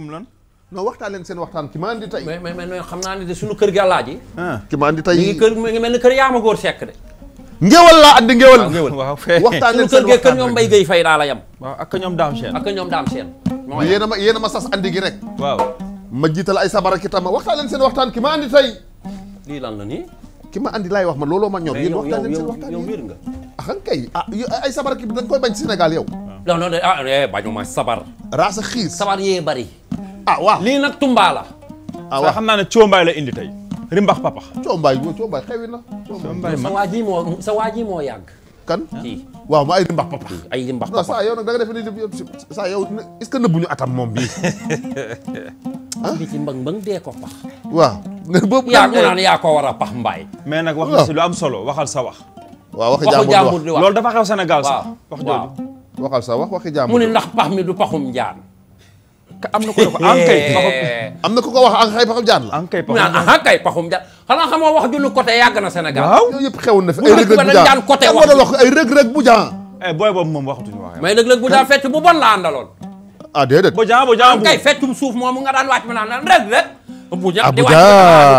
kum lan. non waxtaan leen seen waxtaan ki maa andi tey. mais mais mais xam naa ne de suñu kër gi àllaaji. ki ah. maa andi tey mi ngi kër mi ngi mel ni kër yaa ma góor sekk de. ngéwal laa andi ngéwal. Ah, waaw waxtaan leen seen waxtaan suñu kër gi kër ñoom mbay gay fay daa la yem. waaw ak ñoom daam seen. ak ñoom daam seen. moo yéen a ma yéen a ma sas andi gi rek. waaw. ma jiital ay sabara ki tam waxtaan leen seen waxtaan ki ma andi tey. lii lan la nii. ki ma andi laay wax ma looloo ma ñor. yéen waxtaan leen seen waxtaan yow wér nga. ah kay ah ay sabar ki da nga koy bañ Sénégal yow. non non ah eh, bañuma sabar. raasa xiis sabar yee bari Ah, waaw lii nag tumbaa la. ah xam naa ne coombaay la indi tey. rimbax papax. coombaay boobu coombaay xewi na. sa waa ji moo sa waa ji moo yàgg. kan waaw ma ay rimbax papax. ay rimbax papax saa yow nag da nga def saa yow est-ce que atam moom bii. ah li ci mbëng mbëng dee ko pax. waaw boobu. yaa ko naan yaa ko war a pax mbaay. mais nag wax si lu am solo waxal sa wax. waaw waxi jàmbur di wax dafa xew Sénégal sax. wax jooju waxal sa wax waxi jàmbur mu ne ndax pax mi du paxum njaan. am na ko ko eh. am na ko ko wax an xay paxum jaan la an kay paxum jaan an kay paxum jaan xanaa xamoo wax jullu côté yàgg na Sénégal waaw yooyu yëpp na fi ay rëg-rëg bu jaan côté wax wala wax ay rëg-rëg bu jaan eh booy boobu moom waxatuñu wax mais rëg-rëg bu jaan fecc bu bon la a ah déedéet bu jaan bu jaan bu kay feccum suuf moomu nga daan wàcc ma naan rëg rëg Abuja Abuja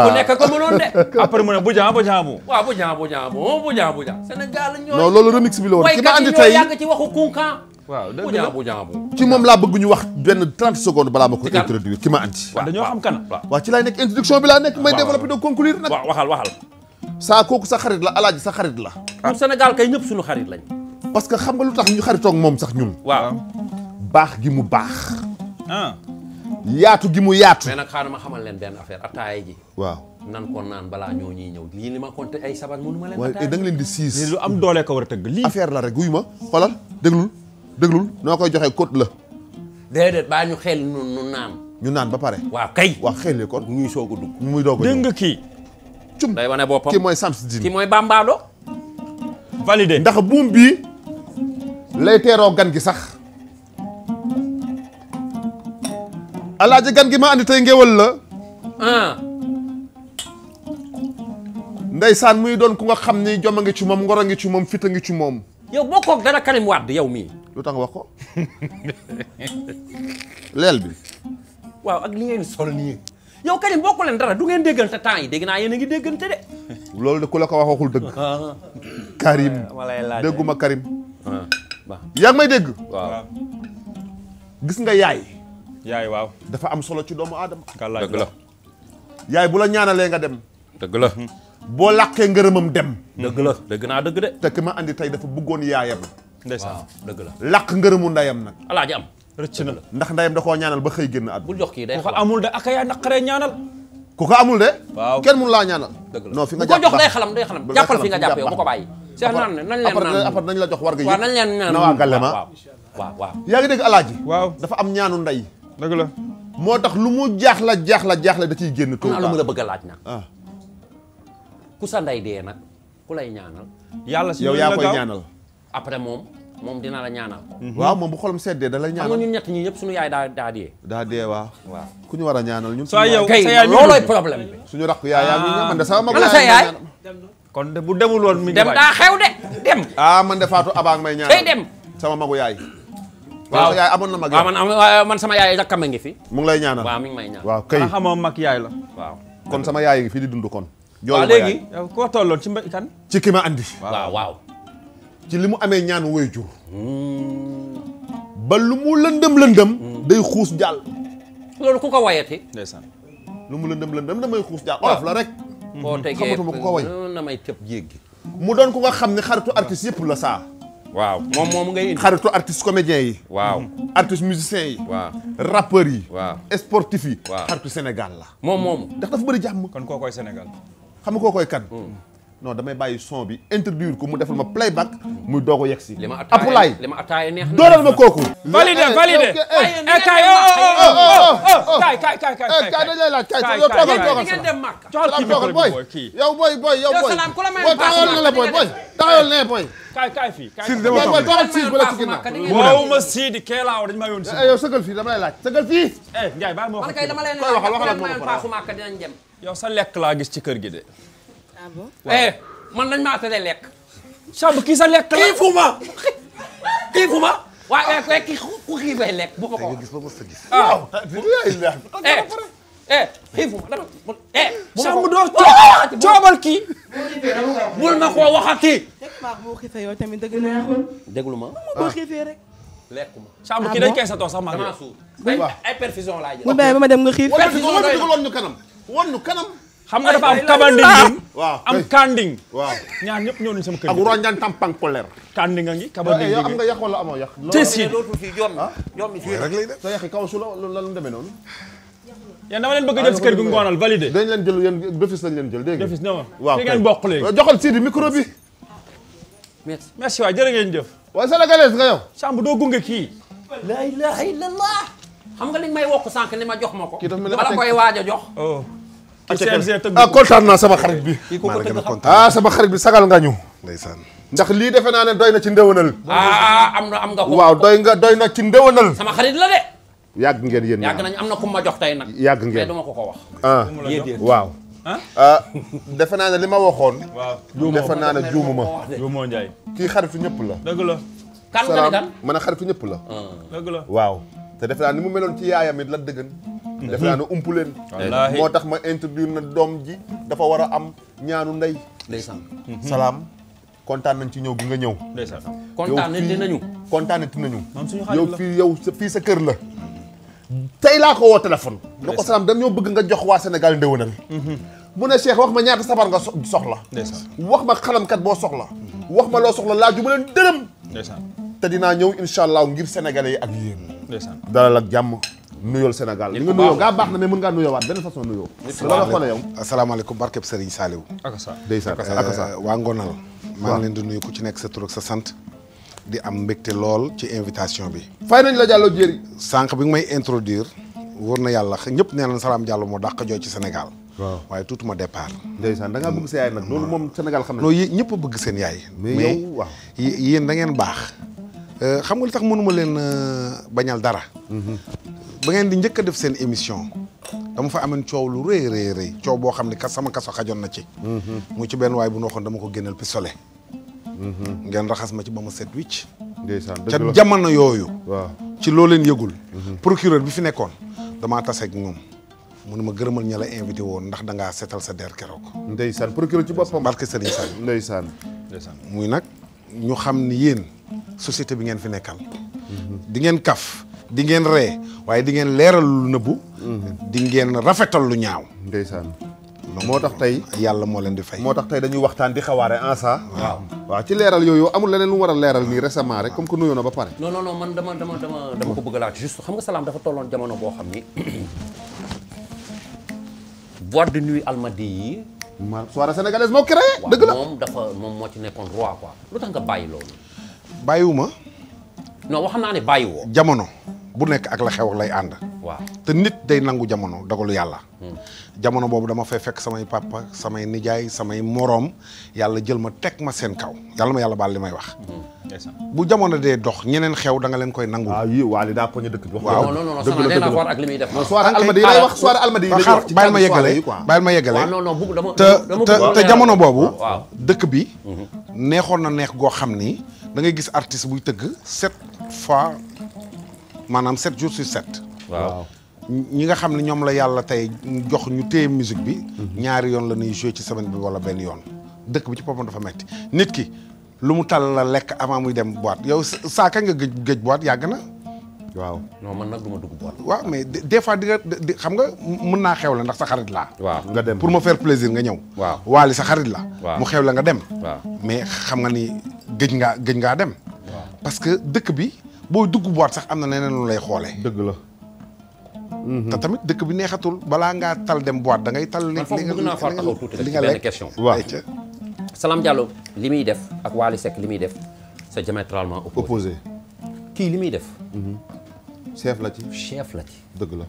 ku nekk ko mënoon de. après mu ne Abuja Abuja amoo. waaw Abuja Abuja amoo Abuja Abuja. Sénégal ñoo non loolu remix bi la woon. ki ma andi tey yàgg ci waxu Kunkan. waaw dëgg la Abuja amoo. ci moom laa bëgg ñu wax benn 30 secondes balaa ma ko introduire ki ma andi. waaw dañoo xam kan. waaw ci laay nekk introduction bi laa nekk. may développer de conclure nag. waaw waxal waxal. saa kooku sa xarit la alaaji sa xarit la. Ah. ñun Sénégal kay ñëpp suñu xarit lañ. parce que xam nga lu tax ñu xaritoog moom sax ñun. waaw baax gi mu baax ah. yaatu gi mu yaatu. mais nag xaaral ma xamal leen benn affaire ataaya ji. waaw nan ko naan balaa ñoo ñuy ñëw lii li ma compté ay sabar mënu ma leen. ataaya eh, da nga leen di siis. lu am doole ko war a tëgg lii. affaire la rek wuy ma xoolal déglul déglul noo koy joxe kot la. déedéet baa ñu xeel nu naan. ñu naan ba pare. waaw kay waaw xel kon. ñuy soog a dugg muy doog a dégg kii. cum day wane boppam mooy Samsidine kii mooy Bambaado. validé ndax buum bii lay gan gi sax alaaji gan gi ma andi tey ngéwal la ah. ndeysaan muy doon ku nga xam ni jom a ngi ci moom ngor a ngi ci moom fit a ngi ci moom yow bokkook dara Karim Wade yow mii lu tax nga wax ko leel bi waaw ak li ngeen sol nii yow Karim bokku leen dara du ngeen déggante temps yi dégg naa yéen a ngi déggante de loolu de ku la ko wax waxul dëgg ah. Karim dégguma Karim ah, yaa ngi may dégg waaw gis nga yaay yaay waaw dafa am solo ci doomu aadama dëgg la yaay bu la ñaanalee nga dem dëgg la hmm. boo làqee ngërëmam dem hmm. dëgg la dëgg naa dëgg de te ki ma andi tey dafa bëggoon yaayam ndeysaan dëgg la làq ngërëmu ndeyam nag alaaji am rëcc na la ndax ndayam da koo ñaanal ba xëy génn at bu jox kii day ko amul de ak yaa naqaree ñaanal ku ko amul de waaw kenn mënu laa ñaanal dëgg la fi nga jàpp ko jox day xalam day xalam jàppal fi nga jàpp yow bu ko bàyyi seex naan ne nañ leen naan la jox war ga yi waaw nañ na waa galle ma waaw waaw yaa ngi dégg alaaji waaw dafa am ñaanu nday dëgg la moo tax lu mu jaaxla jaaxla jaaxla da ciy génn. toolam am na la bëgg a laaj nag. Ah. ku sa ndey dee nag ku lay ñaanal. yàlla si yow yaa koy ñaanal. après moom moom dina la ñaanal. Mm-hmm. waaw moom bu xolam seddee da lay ñaanal xam nga ñun ñett ñi ñëpp suñu yaay daa daa dee. daa dee waaw. ku ñu war a ñaanal ñun. sa yow kay loolooy problème bi. suñu rakk yaay yaa ngi man de ah. kon de bu demul woon mi. de dem. ah man de Fatou Abang may ñaanal. tey dem sama magu yaay. waaw yaay amoon na mag man man sama yaay rakkam a ngi fi mu ngi lay ñaana waaw mi ngi waaw kay xamoo mag yaay la kon sama yaay ngi fi di dund kon waaw léegi koo tolloon ci mba ci ki ma andi waaw waaw ci li mu amee ñaan waajur ba lu mu lëndëm lëndëm day xuus jàll loolu ku ko wayati ndeysaan lu mu lëndëm lëndëm damay xuus jàll olof la rek boo tegee xamatuma ku ko way na may tëb jéggi mu doon ko nga xam ne xaritu artiste yëpp la saa waaw moom moom ngay indi xaritu artiste comédien yi. waaw artiste musicien yi. waaw rappeurs yi. waaw sportif yi. waaw xaritu Sénégal la. moom moom ndax dafa bëri jàmm. kon koo koy Sénégal. xam nga koo koy non damay bàyyi son bi introduire ko mu defal ma playback muy doog a yegg si. li ma Apulaay li ma ataaya neex na dooleel ma kooku. validé validé. kay kay kay kay kay kay dañuy laaj kay yow toogal toogal salaam toogal booy yow booy booy yow booy booy taxawal na la booy booy taxawal na booy. kay kay fii kay fii booy booy toogal siis ba la ci ginnaaw. waaw ma siidi kee laa dañu ma yoon si. yow sëgal fii damay laaj sëgal fii. eh Ndiaye bàyyi ma wax. man kay dama leen waxal waxal ak moom yow sa lekk laa gis ci kër gi de. ah bon eh man nañ maa tere lekk. sàmm kii sa lekk la kii fu ma kii fu ma. waaw eh, kay kii ku kii bay lekk bu ma ko wax. gis ba mos a gis. Ah. waaw ah, eh, eh kii fu ma dama eh. sàmm doo coobal ah, kii. bul ma koo waxati. teg maa boo xiifee yow tamit dëgg neexul. déglu ma boo xiifee rek. lekkuma sàmm kii dañ koy sa toog sax maa ngi ay perfusion laa jël. bu bàyyi ba ma dem nga xiif. perfusion doy na woon ñu kanam woon ñu kanam. xam nga dafa am kabanding ah! waaw am kanding waaw ñaar ñëpp ñëw nañu sama kër ak tampang polaire kanding a ngi kabanding am nga yàq wala amoo yàq tesin loolu fi jom ah? jom fi rek lay def sa yàq kaw su la lan la demee noonu yéen dama leen bëgg a jël si ah, kër gi ngoonal validé dañ leen jël yéen béfis lañ leen jël dégg nga béfis non waaw fi ngeen bokk léegi joxal Sidi micro bi merci merci waay jërë ngeen jëf waaye sénégalais nga yow Samb doo gunge kii la ilaha illallah xam nga li may wokk sànq ni ma jox ma ko wala koy waaj a jox oh. ah kontaan naa sama xarit bi. ah sama xarit bi sagal nga ñu. ndeysaan. ndax lii defe naa ne doy na ci ndéwénal. ah, ah, ah am na am nga waaw doy nga doy na ci ndéwénal. sama xarit la yàgg ngeen yéen yàgg nañ am na ku ma jox tey nag. yàgg ngeen mais ko ko wax. ah waaw. ah defe naa ne li ma waxoon. waaw defe naa ne juumuma. juumoo Njaay. kii xaritu ñëpp la. dëgg la. kan nga ne kan. mën a xaritu ñëpp la. Ah. la waaw. te defe naa ni mu meloon ci yaayam it la dëggan defe naa ne umpu leen moo tax ma introduire na doom ji dafa war a am ñaanu ndey ndeysaan mhm. salaam kontaan nañ ci ñëw gi nga ñëw ndeysaan kontaan nañu kontaan nañu yow fii yow fii sa kër la tey laa ko woo téléphone na ko salaam ñoo bëgg nga jox waa Sénégal ndéwénal mhm. mu ne Cheikh wax ma ñaata sabar nga soxla wax ma xalamkat boo soxla wax ma loo soxla laaju ma leen dërëm te dinaa ñëw incha ngir sénégalais yi ak yéen dalal ak jàmm nuyoo Sénégal li nga nuyoo gaa baax na mais mën ngaa nuyoowaat benn façon nuyoo la xoole euh, waa Ngonal maa ngi leen di nuyu ku ci nekk sa tur sa sant di am mbégte lool ci invitation bi fay nañ la Diallo Diéry sànq bi nga may introduire wóor na yàlla ñëpp nee nañ Salam Diallo moo dàq jooy ci Sénégal waaw waaye tuutuma départ ndeysaan da ngaa sa yaay nag loolu moom Sénégal xam ne non yéen ñëpp bëgg seen yaay mais yow waaw yéen ngeen baax Euh, xam nga li tax mënuma leen euh, bañal dara. Mhm. ba ngeen di njëkk def seen émission. dama fa ameen coow lu rëy rëy coow boo xam ne ka sama kaso xajoon na ci. Mhm. mu ci benn waay bu ñu waxoon dama ko génneel pistolet. Mhm. ngeen raxas ma ci ba ma set wicc. ndeysaan ca jamono yooyu. waaw ci loo leen yëgul. procureur bi fi nekkoon damaa tase ak ñoom. mu ne ma gërëmal ña la invité woon ndax da ngaa seetal sa der keroog. ndeysaan procureur ci boppam. barke Serigne Sall. ndeysaan ndeysaan muy nag ñu xam ni yéen. société bi ngeen fi nekkal. di ngeen kaf di ngeen ree waaye di ngeen leeral lu nëbbu. di ngeen rafetal lu ñaaw. ndeysaan moo tax tey yàlla moo leen di fey moo tax tey dañuy waxtaan di xawaare ansa. sa waaw ci leeral yooyu amul leneen lu mu war a leeral nii récemment rek comme que nuyoo na ba pare. non non non man dama dama dama dama ko bëgg a laaj juste xam nga salaam dafa tolloon jamono boo xam ni boîte de nuit almadi yi. a sénégalaise moo créé. dëgg la moom dafa moo ci nekkoon roi lu tax bàyyi loolu. bàyyiwuma. non wax naa ne bàyyiwoo. jamono bu nekk ak la xew lay ànd. waaw te nit day nangu jamono dogalu yàlla. Hmm. jamono boobu dama fay fekk samay papa samay nijaay samay moroom yàlla jël ma teg ma seen kaw yàlla ma yàlla baal li may wax. Hmm. bu jamono de dox ñeneen xew da nga leen koy nangu. waaw ah, yii waa li daa dëkk bi. waaw non non muy def. non soirée ah, almadi yi lay wax soirée almadi yi lay wax ci bàyyil ma yeggale bàyyil ma yeggale. waaw non non bugg dama te jamono boobu. dëkk bi hmm. neexoon na neex goo xam ni. da ngay gis artiste buy tëgg sept fois maanaam sept jours sur sept. waaw ñi nga xam ne ñoom la yàlla tey jox ñu téye musique bi. Mhm. ñaari yoon la ñuy joué ci semaine bi wala benn yoon. dëkk bi ci boppam dafa metti nit ki lu mu tal la lekk avant muy dem boîte yow saa kañ nga gëj gëj boîte yàgg na. waaw non man nag du ma dugg boîte. waaw mais des fois di xam nga mën naa xew la ndax sa xarit laa. waaw nga dem pour ma faire plaisir nga ñëw. waaw waali sa xarit la. mu xew la nga dem. waaw mais xam nga ni gëj ngaa gëj ngaa dem. parce que dëkk bi boo dugg boîte sax am na leneen lu lay xoolee. dëgg la. Mm-hmm. te tamit dëkk bi neexatul balaa ngaa tal dem boîte da ngay tal. li nga li nga lekk waaw Salam Diallo li muy def ak Wally Seck li muy def c'est diamétralement opposé kii li muy def. Mm-hmm. chef la ci chef la ci. dëgg la.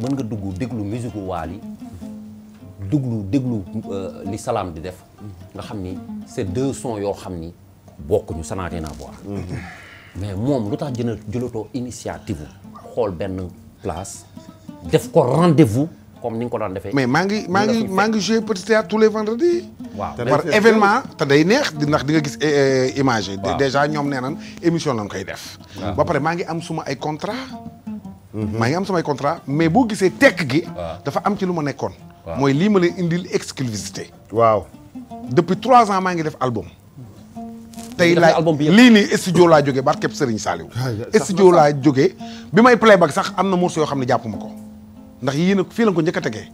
mën nga dugg déglu musique waal yi duglu déglu euh, li salaam di def nga xam ni c'est deux sons yoo xam ni bokkuñu ça n'a rien mm-hmm. mais moom lu tax jëna jëlatoo initiative xool benn place def ko rendez comme ni nga ko daan defee. mais maa ngi maa ngi maa ngi joué petit théâtre tous les vendredis. waaw événement te day neex di di nga gis eh, eh, image yi. déjà ñoom nee nañ émission lañ koy def. ba pare maa ngi am suma ay contrat mhm. maa ngi am samay contrat mais boo gisee tekk gi. dafa am ci lu ma nekkoon. mooy lii ma leen indil exclusivité waaw depuis trois ans maa ngi def album. tey laa lii nii studio laa jógee barkeb Serigne Saliou. studio laa jógee bi may playback sax am na morceau yoo xam ne jàpp ma ko. ndax yéen a fii la ko njëkk a tegee.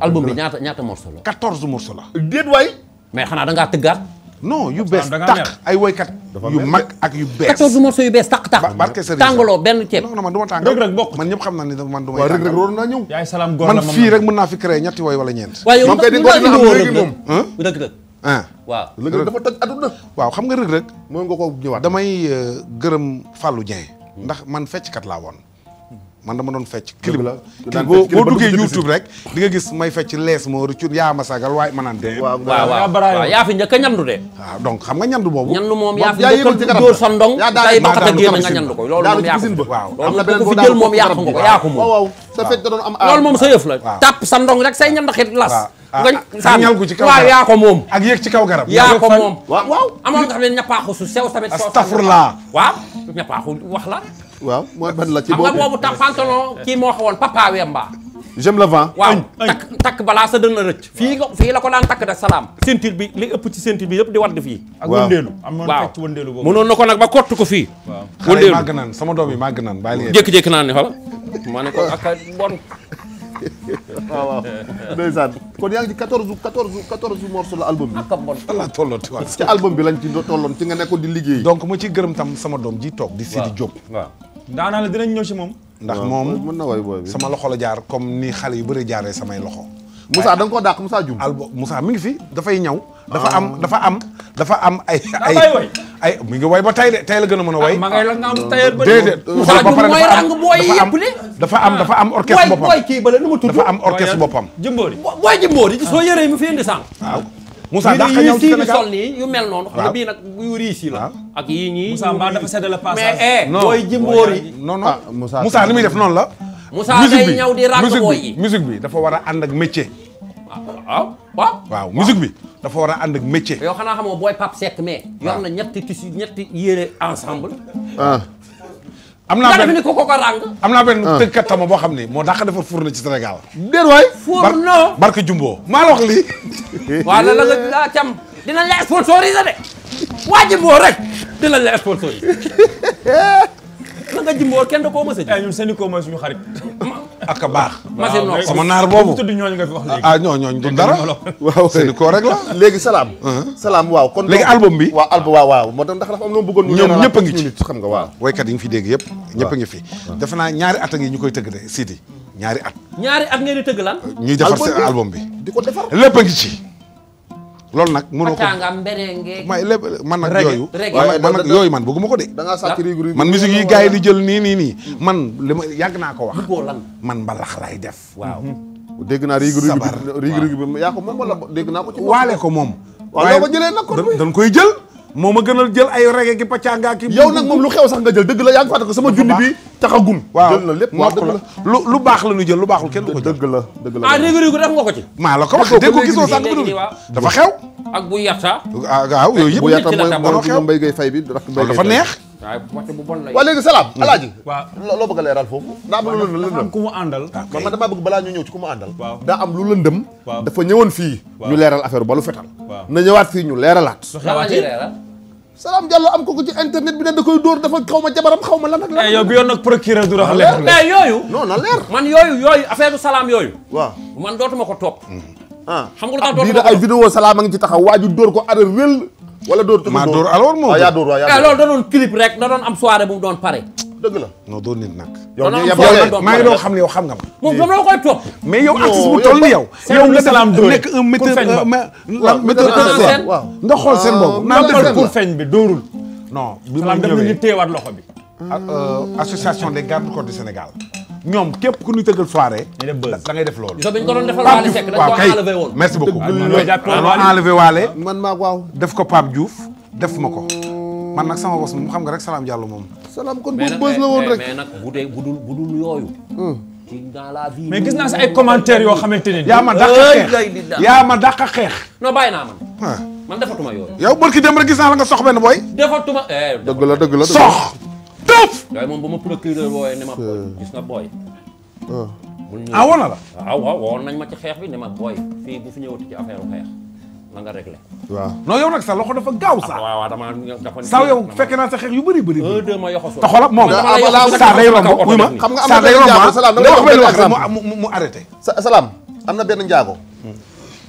album bi ñaata ñaata morceau la. 14 morceau la. déet waay. mais xanaa danga ngaa tëggaat. non yu bees tàq ay woykat yu mag ak yu bees. 14 morceau yu bees tàq tàq. barke sëriñ tàngaloo benn ceeb. non non man du ma tàngal rek bokk man ñëpp xam naa ne man du ma. waaw rek rek waroon naa ñëw. yaay salaam góor la man fii rek mën naa fi créer ñetti woy wala ñeent. waaye yow li nga indi woon rek moom rek rek. ah waaw rëg rëg dafa toj aduna. waaw xam nga rëg damay euh, gërëm Fallou Dieng. Hmm. ndax man fecckat laa woon man dama doon fecc clip boo duggee YouTube rek di may fecc lees moo rëccu yaa ma sagal waaye ma naan dee waaw waaw yaa fi njëkk a ñandu de waaw ah, donc xam nga ñandu boobu ñandu moom yaa fi njëkk a dóor sa ndong day baxat a génn nga ñandu ko loolu moom yaa ko waaw loolu ku fi jël moom yaa ko nga ko yaa ko moom waaw sa ah, ah. ci kaw garab yaa ko moom ak yéeg ci kaw garab yaa ko moom waaw amoon nga xam ne la waaw mooy ban la ci boobu xam nga boobu tam pantalon kii moo xawoon papa Wemba. j'aime le vent waaw takk takk balaa sa dën la rëcc fii ko fii la ko daan takk de salaam ceinture bi li ëpp ci ceinture bi yëpp di wadd fii ak wëndeelu am noon fecc wëndeelu boobu mënoon na ko nag ba kott ko fii wëndeelu màgg naan sama doom yi màgg naan bàyyi leen jékki-jékki naan ne xola maa ne ko ak bon waaw waaw ndeysaan kon yaa ngi ci quatorze quatorze quatorze morceaux la album bi ak bon la tolloon ci waaw ci album bi lañ ci tolloon ci nga nekkoon di liggéey donc mu ci gërëm tam sama doom ji toog di Sidi Diop waaw daanaa la dinañ ñëw si moom. ndax moom mën na woy booy bi sama loxo la jaar comme ni xale yu bëri jaaree samay loxo. Moussa da nga koo dàq Moussa Dioum. mu Moussa mi ngi fi dafay ñaw. dafa am ah. dafa am dafa am ay. ay ay mi ngi ba tey de tey gën a mën a way. Ah, ma ngay la nga am tailleur ba déedéet dafa am ah. dafa am orchestre boppam. booy booy kii bala nu mu tudd. dafa am orchestre boppam. jëmboori booy jëmboori. soo yëree mu fi indi sànq. waaw. dax dàq ñëw ci Sénégal sol nii yu mel noonu. xam nga bii nag yu riis yi la. ak yii ñii Moussa mbaa dafa sedd la passage. mais eh booy jimboor yi. non non ah, ah, Moussa Moussa muy def noonu la. Moussa day ñëw di ràgg booy yi musique bi dafa war a ànd ak métier. Ah, waaw waaw. waaw bi dafa war a ànd ak métier. yoo xanaa xamoo booy Pape Seck mais. waaw yor na ñetti tissu ñetti yére ensemble. am naa benn ko ko am naa benn tëggkat tama boo xam ni moo dàq defar fourneau ci Sénégal. déet waay. fourneau barke Jumbo. maa la wax lii. waaw la la nga cam dinañ la sponsorisé de. waa Jumbo rek dinañ la sponsorisé. na nga jimboor kenn da koo mës a ji. Eh, ñun seen a baax. waaw sama naar boobu. tudd ñooñu ah, rek la. léegi salaam. Uh-huh. salaam waaw kon. léegi album bi. waaw album waaw waaw moo tax ndax dafa am lu mu bëggoon. ñoom ñëpp a ngi ci xam nga waaw. woykat yi nga fi dégg yëpp. ñëpp a ngi fi. defe naa ñaari at a ngi ñu koy tëgg de Sidi ñaari at. ñaari at ngeen tëgg lan. ñuy defar seen album bi di ko defar lépp a ngi ci loolu nag mënoo ko ma lépp man nag yooyu man nag yooyu man bëgguma ko de man musique yi gars yi di jël nii nii nii mm-hmm. man li ma yàgg naa ko wax man ba lay def waaw mm-hmm. dégg naa riig riig bi yaa ko moom wala dégg naa ko ci waale ko moom waaye dañ koy jël moo gën a jël ay reggae ki paccangaa ki yow nag moom lu xew sax nga jël dëgg la yaa ngi fàttali ko sama junni bi taxagum waaw jël lu baax la ñu jël lu baaxul kenn du la dëgg la ah réegu réegu def nga ko ci maa la ko wax dégg ko gisoo sànq bi dul dafa xew ak bu yatta ah waaw yooyu yëpp bu yatta mooy mooy mbay gay fay bi rak mbay dafa neex ah. waaw loo bëgg a leeral foofu daa am lu lëndëm am ku mu àndal ah, man man damaa bëgg balaa ñu ñëw dafa ñëwoon fii ñu leeral affaire balu fetal na ñëwaat fii ñu leeralaat Salam Diallo am ko ko ci internet bi ne da koy dóor dafa xaw ma jabaram xaw ma lan ak lan. Eh, yow bi yoon nag procureur du rax leer mais eh, yooyu. non na leer man yooyu yooyu affaire salaam yooyu. waaw man dootuma ko topp. Hmm. Ah. ah xam nga lu tax ah, dootuma ko ay vidéo salaam a ngi ci taxaw waaju dóor ko ara rël. wala dóor te ko dóor maa dóor alors moom. waaw ah, yaa dóor waaw yaa eh, dóor loolu da doon clip rek da doon am soirée bu mu doon pare. dëgg la non doo nit nag. yow maa ngi doon xam ne yow xam nga ma. moom dama la mais yow yow. yow nga nekk un metteur metteur nga xool seen boobu. naan dëgg bi dóorul. non bi ma ñëwee ñu loxo bi. Euh, euh, association des gardes-côtes du Sénégal. ñoom képp ku ñu tëggal soirée. da ngay def loolu. dañ ko doon defal Waly Seck dañ ko enlevé woon man waaw def ko Pape Diouf def ma ko. man nag sama bos moom xam nga rek Salam Diallo moom salaam kon boobu bës la bu dee budul budul yooyu. Hmm. ci dans la vie. gis naa si ay commentaires yoo xamante ne. yaa ma dàqa xeex yaa ma dàqa xeex. non bàyyi naa man. Ah. man defatuma yooyu. yow barki dem rek gis naa la nga sox benn booy. Eh, defatuma dëgg la dëgg la sox. moom ba ma procureur booyee ne ma booy hmm. gis nga booy. ah, ah woon na la. Ah, waaw waaw woon nañ ma ci xeex bi ne ma booy fii bu fi ñëwati ci affaire xeex. man nga réglé. waaw non yow nag sa loxo dafa gaaw sa. waaw waaw damaa dafa. saa yow fekke naa sa xeex yu bëri bëri. un deux ma yoxosu te xoolal moom. saa day romb wuy ma saa day romb ah mu mu arrêté. salaam am na benn njaago.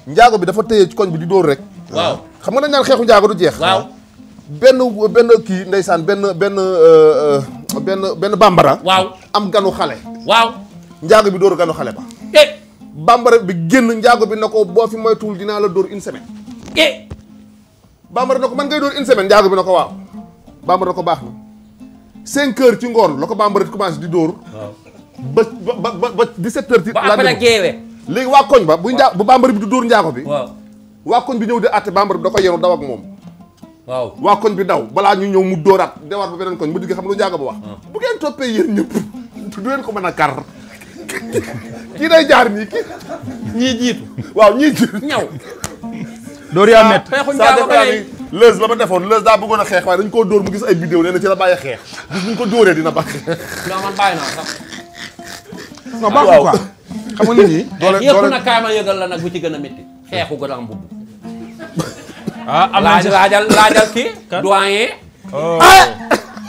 njaago bi dafa tëye ci koñ bi di dóor rek. xam nga dañ naan xeexu njaago du jeex. waaw benn benn kii ndeysaan benn benn euh, euh, benn benn bambara. waaw am ganu xale. waaw njaago bi dóor ganu xale ba. Eh! bambara bi génn njaago bi na ko boo fi moytuwul dinaa la dóor une semaine. eh. bambara na ko man ngay dóor in semaine njaago bi na ko waaw. bambara na ko baax na. cinq heures ci ngoon la ko bambara commencé di dóor. ba ba ba ba 17 heures. ci la léegi waa koñ ba bu njaa bu bambara bi du dóor njaago bi. waaw waa koñ bi ñëw di àtte bambara bi da ko yenu daw ak moom. waaw waa koñ bi daw balaa ñu ñëw mu dóoraat dewaat bu beneen koñ mu digg xam lu njaago ba wax. Ah. bu ngeen toppee yéen ñëpp du leen ko mën a kar kii day jaar nii kii. ñii jiitu. waaw ñii jiitu ñaw. dóor yaa métti saa defaa ni lëz la ma defoon lëz daa bëggoon a xeex waaye dañ koo dóor mu gis ay vidéo nee na ci la bàyyi xeex gis buñ ko dóoree dina bàq. non man bàyyi xam nga nit ñi. doole doole yëpp nag la nag bu ci gën a métti xeexu gën a ah, am bubu. ah laajal laajal kii. doyen. Oh. Ah!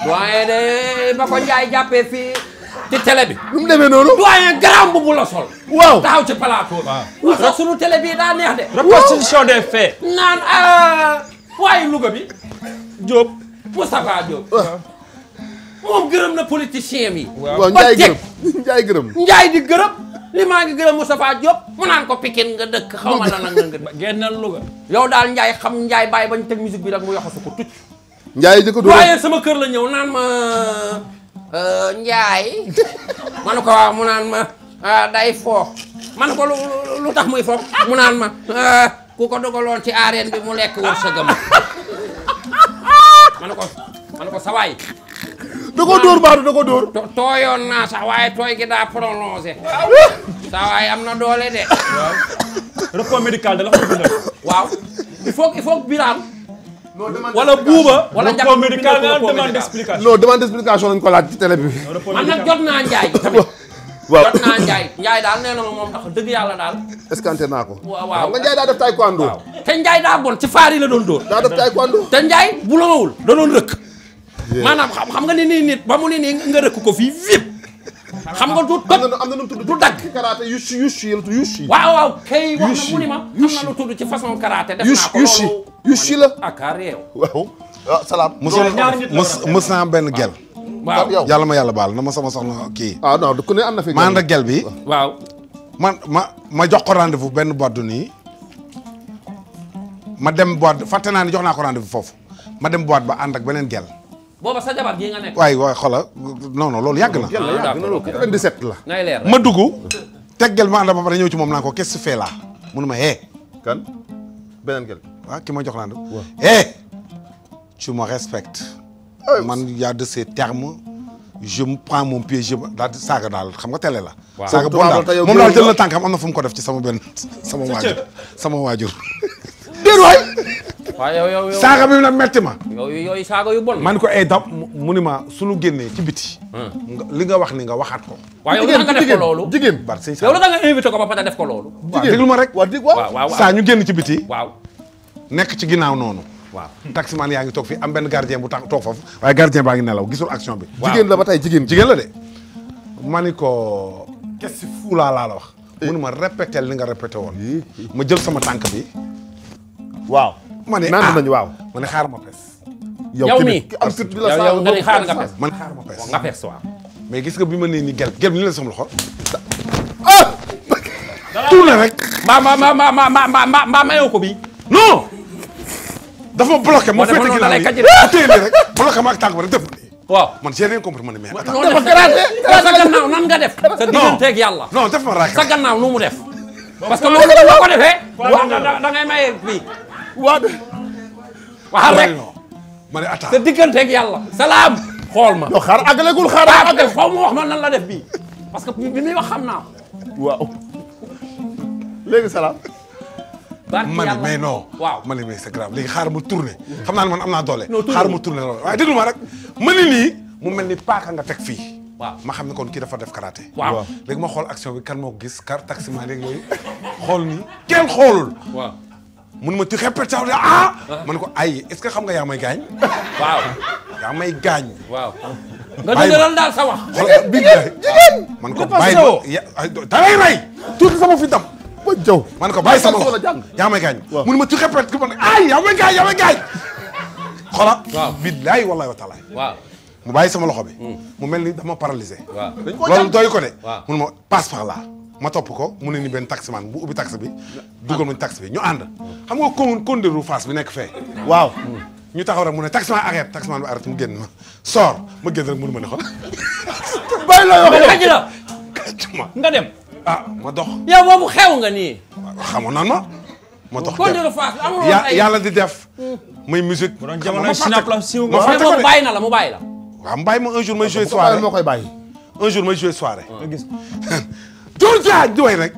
doyen de ba ko Ndiaye jàppee fii. ci télé bi. nu mu demee noonu. doyen grand bu la sol. waaw taxaw ci plateau. waaw sax sunu télé bii daa neex de. reconstitution des faits. naan ah, waaye Louga bi. Diop Moustapha Diop. Ah. moom gërëm na politicien yi. waaw Ndiaye gërëm Ndiaye gërëm. Ndiaye di gërëm. li maa ngi gërëm Moustapha Diop. mu naan ko Pikine nga dëkk xaw ma nan nga nga. génnal Louga. yow daal Ndiaye xam Ndiaye baay bañ teg musique bi rek mu yoxasu ko tucc. Ndiaye di ko doon waaye sama kër la ñëw naan ma. Euh, Njaay man ko wax mu naan ma euh, day foo man ko lu tax muy foo mu naan ma euh, ku ko dogaloon ci arène bi mu lekk wërsëgam man ko man ko sawaay da ko dóor Maodo da ko dóor. tooyoon naa sax waaye tooy gi daa prolongé. saa waaye am na doole de. waaw. rapport médical da la ko waaw il faut il faut que wala buuba wala jàpp bi nga ko demande d'explication. non demande d'explication lañ ko laaj ci télé bi. man nag jot naa Ndiaye tamit. waaw jot naa Ndiaye Ndiaye daal nee na moom ndax dëgg yàlla daal. escanté naa ko. waaw waaw xam nga Ndiaye daa def taekwondo. waaw te Ndiaye daa bon ci faar yi la doon dóor. daa def taekwondo. te Ndiaye bu la wowul da xam nga ni nii nit ba mu ne nii nga rëkk ko fii vip. xam nga du toj du dagg karaté yush ci façon karaté def naa ko la ak ah, réew waaw ah, naa benn gel yàlla ma yàlla baal na ma sama soxna kii ah, am na fi ma ànd ak gel bi waaw ma ma jox ko rendez-vous benn boddu nii ma dem boîte fàtte naa ni jox naa ko rendez-vous foofu ma dem boîte ba ànd ak beneen gel booba sa jabar gi nga loolu yàgg na. yàgg na loolu 97 la. ma dugg teggeel ma ànd ba pare ñëw ci moom naa ko qu'est-ce que fait ma hee. ki ma jox laa waaw hee. Eh, tu me respectes. man y a de ces termes. je me prends mon pied je daal di saaga daal xam nga télé la. waaw saaga bon daal moom daal jël na tànkam am na fu mu ko def ci sama benn sama waajur sama waajur. déet waay. waaw yow yow yow saaga bi nag metti ma. yow yooyu saaga yu bon. ko ay eh, dab mu ni ma suñu génnee ci biti. Hmm. li nga wax ni nga waxaat ko. waaw yow da nga def ko loolu jigéen bar si yow da invité ko ba pare def ko loolu. waaw déglu ma waaw saa ñu génn ci biti. waaw nekk ci ginnaaw noonu. waaw taximaan yaa ngi toog fii am benn gardien bu toog foofu waaye gardien baa ngi nelaw gisul action bi. jigéen la ba tey jigéen jigéen la de. ma ni ko qu'est-ce laa la wax. mu ne ma répété li nga répété woon. Eh. ma jël sama tànk bi waaw ma ne naan ah, nañu waaw ma ne xaar ma pes yow mi am tut bi la sa yow nga ne xaar nga pes man xaar ma pes nga pes waaw mais gis nga bi ma nee ni gel gel ni la sama loxo ah, ah! tuur na rek ma ma ma ma ma ma ma ma mayoo ko bi non dafa bloqué ma fete gi la téye rek bloqué ma ak tànk ba rek dëpp waaw man j'ai rien compris ma ne mais sa gannaaw nan nga def sa digganteeg yàlla non def ma raak sa gannaaw nu mu def parce que loolu la ko defee da ngay maye fii waa de. waxal rek ma ne attaque sa digganteeg yàlla. salaam xool ma. non xaaral àggalegul xaaral àggal xaw ma wax ma nan la def bii parce que bi muy wax xam naa ko. waaw léegi salaam. barke yàlla ma ne mais non. waaw ma ne mais c'est grave léegi xaaral mu tourné. xam naa ne man am naa doole. non tourné xaaral mu tourné lool waaye déglu ma rek. ma ne nii mu mel ni paaka nga teg fii. waaw ma xam ne kon kii dafa def karaté. waaw léegi ma xool action bi kan moo ko gis car taxi ma léegi yooyu xool nii kenn xoolul. waaw. mun ma ti répété wu ah. man ko ay est-ce que xam nga yaa may gaañ. waaw. yaa may gaañ. waaw. nga dundaloon daal sa wax. Eh, jigéen jigéen jigéen. Ah, man ko bàyyi da ngay rey. tuuti sama fi tam. ba jaw man ko bàyyi sama wax yaa may gaañ. waaw mun ma ti répété man ay yaa may gaañ yaa may gaañ. xoolal. waaw billaay wallaay wa taalaay. waaw. mu bàyyi sama loxo bi. Hmm. mu mel ni dama paralysé. waaw loolu doy ko de. waaw mun ma passe par là. ma topp ko mu ne ni benn taxi man bu ubbi taxi bi dugal ma taxi bi ñu ànd xam nga kon konderu face bi nekk fee waaw ñu taxaw rek mu ne taxi man arrête taxi man bi arrête mu génn ma soor ma génn rek mënu ma ne xol bàyyi la wax la ma nga dem ah ma dox yow nga nii xamoon naan ma ma dox di def muy hmm. musique ma moom na la mu bàyyi la waaw mu bàyyi ma un jour may joué soirée bàyyi un jour may joué soirée tuur jaaj di way rek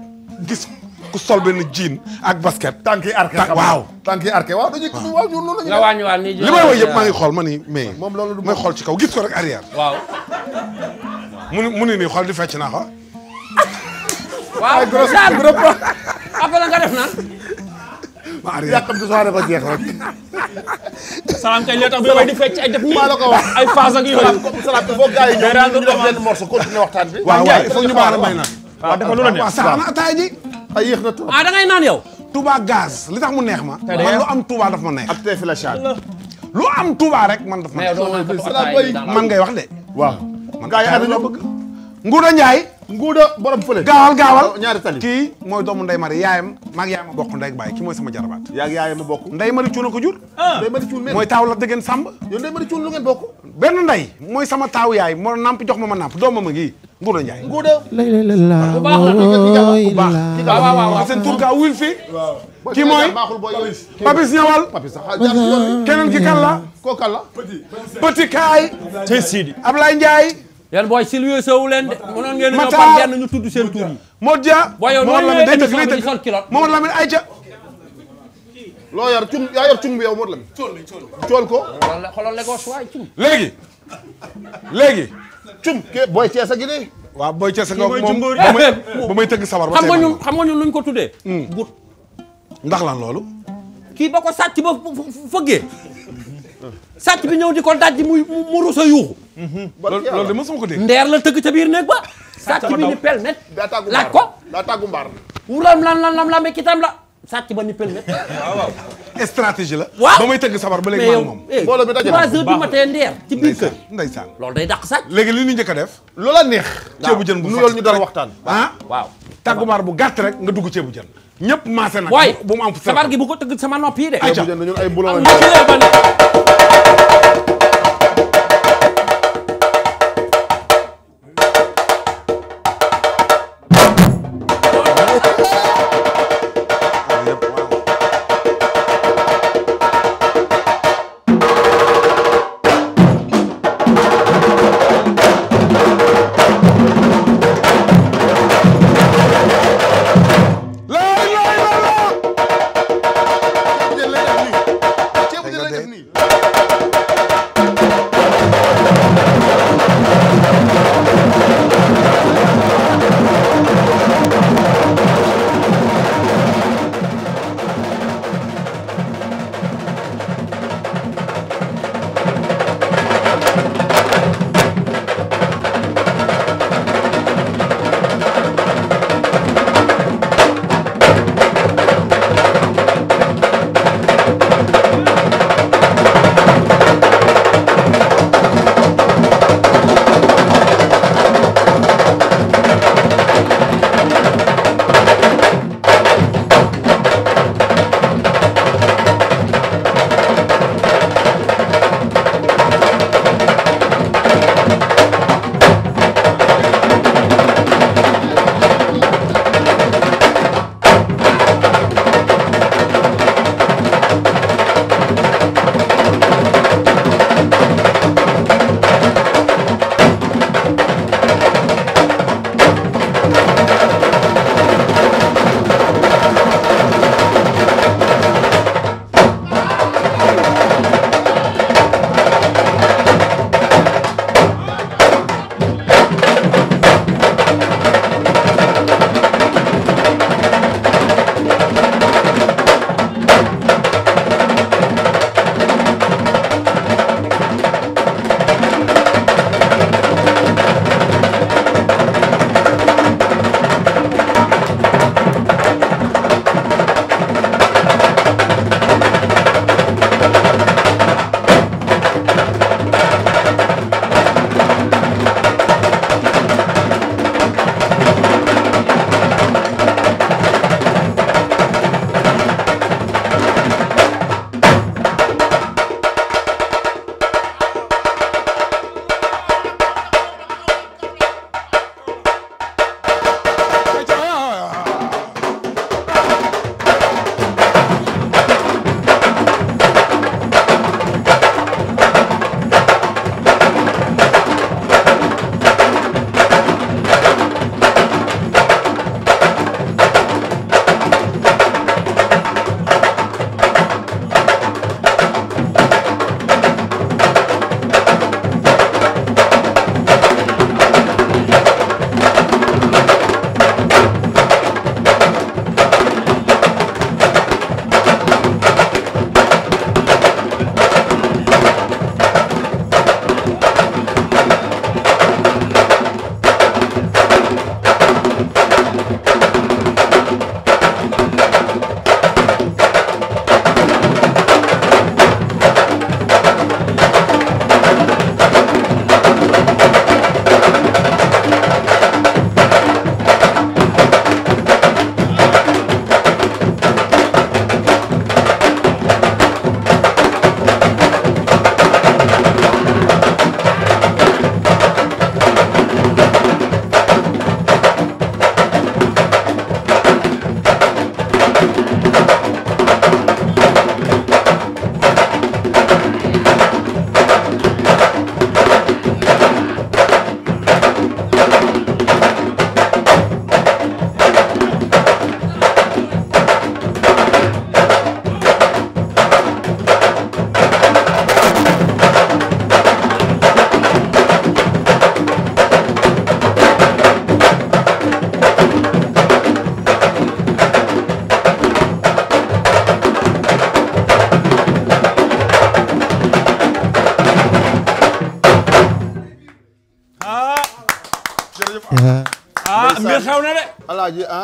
gis ku sol benn jean ak basket. tànk yi arke xam waaw tànk yi arke waaw dañuy waaw ñun loolu la ñu. nga wàññiwaat nii li may wax yëpp maa ngi xool ma ni mais. moom loolu du may xool ci kaw gis ko rek arrière. waaw. mu ni mu ni nii xool di fecc naa ko. waaw gros gros après la nga def naan. ma arrière yàqam ci soirée ba jeex rek. salaam kay loo tax bi di fecc ay def nii maa la ko wax ay phase ak yooyu. salaam salaam il faut gars yi ñëw ñu def benn morceau continuer waxtaan bi. waaw waaw il faut ñu baal a may nag. waaw dafa lu la neex waaw a na ataay a ay ah, yéex ah, naan yow. Touba gaz li tax mu neex ma. man lu am Touba daf ma neex. a tey fi la lu am Touba rek man daf ma neex. man ngay wax de. waaw man gaa yi ànd ñoo bëgg. Nguuda Ndiaye. Nguuda borom fële. gaawal gaawal oh, ñaari tali. kii mooy doomu Ndeye Mari yaayam maag yaayam a bokk ndey ak baay kii mooy sama jarabaat. yaayam a bokk. Ndeye Mari Cuun a ko jur. Ah. Ndeye mooy taaw la dëggeen Sàmb. yow Ndeye Mari Cuun lu ngeen bokk benn nday mooy sama taaw yaay moo namp jox ma ma namp doomam a ngi Ngouda Ndiaye. Ngouda bu baax la bu baax waaw waaw waaw seen tur kaa wul fi. waaw Papis ñëwal. Ah, keneen ki kan la. koo kan la petit. petit kaay. tey Sidi Ablaye Ndiaye. yan booy Sylvie Sow leen de. mënoon ngeen ñoo par ñu tudd seen tur yi. Modja. booy yow noonu la ñu leen di soxla ci sol loo yor cung yaa yor cung bi yow Modou Lamine. cool nañ ko. wala xoolal Lagos waay cung. léegi léegi. cung booy Cees gi de. waaw booy Cees nga moom ba may tëgg sabar ba tey xam nga ñun xam nga ñun luñ ko tuddee. Hmm. ndax lan loolu. kii ba ko sàcc ba fëggee. sàcc bi ñëw di ko daj muy mu rusa yuuxu. loolu de mosuma ko dégg. ndeer la tëgg ca biir ne ba. sàcc bi ni pel net. laaj ko daa tàggu mbaar. wuram lan lan lam lambe kitam la. sàcc ba ni pelmet waaw waaw stratégie la. waaw ba may tëgg sabar ba léegi maa moom. mbooloo eh, bi daje na trois heures du matin ci biir kër ndeysaan loolu day dàq sàcc. léegi li ñu njëkk a def. loola neex. ceebu jën bu ñu doon waxtaan. ah waaw tàggumaar bu gàtt rek nga dugg ceebu jën. ñëpp maase nag. bu mu am sabar gi bu ko tëgg sama nopp yi de. ayca ñun ay bulon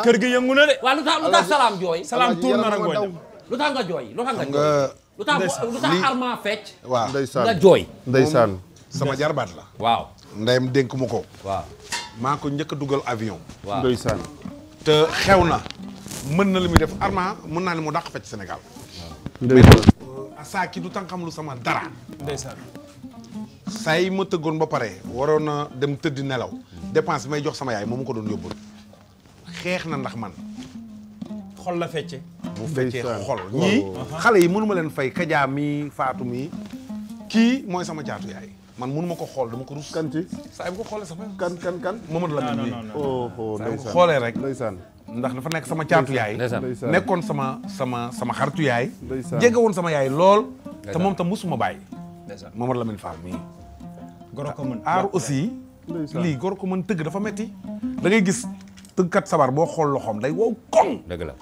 kër gi yëngu na de. waaw lu tax lu tax salaam jooy. salaam tuur na nga jooy lu tax Arma fecc. nga jooy. ndeysaan sama jarbaat la. waaw ndeyam dénk ma ko. waaw maa ko njëkk a dugal avion. waaw ndeysaan te xew na. mën na li muy def Arma mën naa ne mu dàq fecc Sénégal. ndeysaan euh, saa ki du tànqam lu sama dara. saa yi ma tëggoon ba pare waroon na dem tëddi nelaw mm. dépense may jox sama yaay moom mu ko doon yóbbul. xeex na ndax man. xol la fecce. bu feccee xol ñii. xale yi mënuma leen fay kajaa mi faatu mi. kii mooy sama caatu yaay. man mënuma ko xool dama ko rus. kan ci saa bu ko xoolee sama. kan kan kan Mamadou Lamine mi. oh xoolee rek. ndeysaan ndax dafa nekk sama caatu yaay. nekkoon sama sama sama xaritu yaay. ndeysaan woon sama yaay lool. te moom tam musuma bàyyi. ndeysaan Mamadou Lamine Fall mii. goro ko mën aar aussi. lii goro ko mën tëgg dafa metti da gis tëggkat sabar boo xool loxoom day wow koŋ. la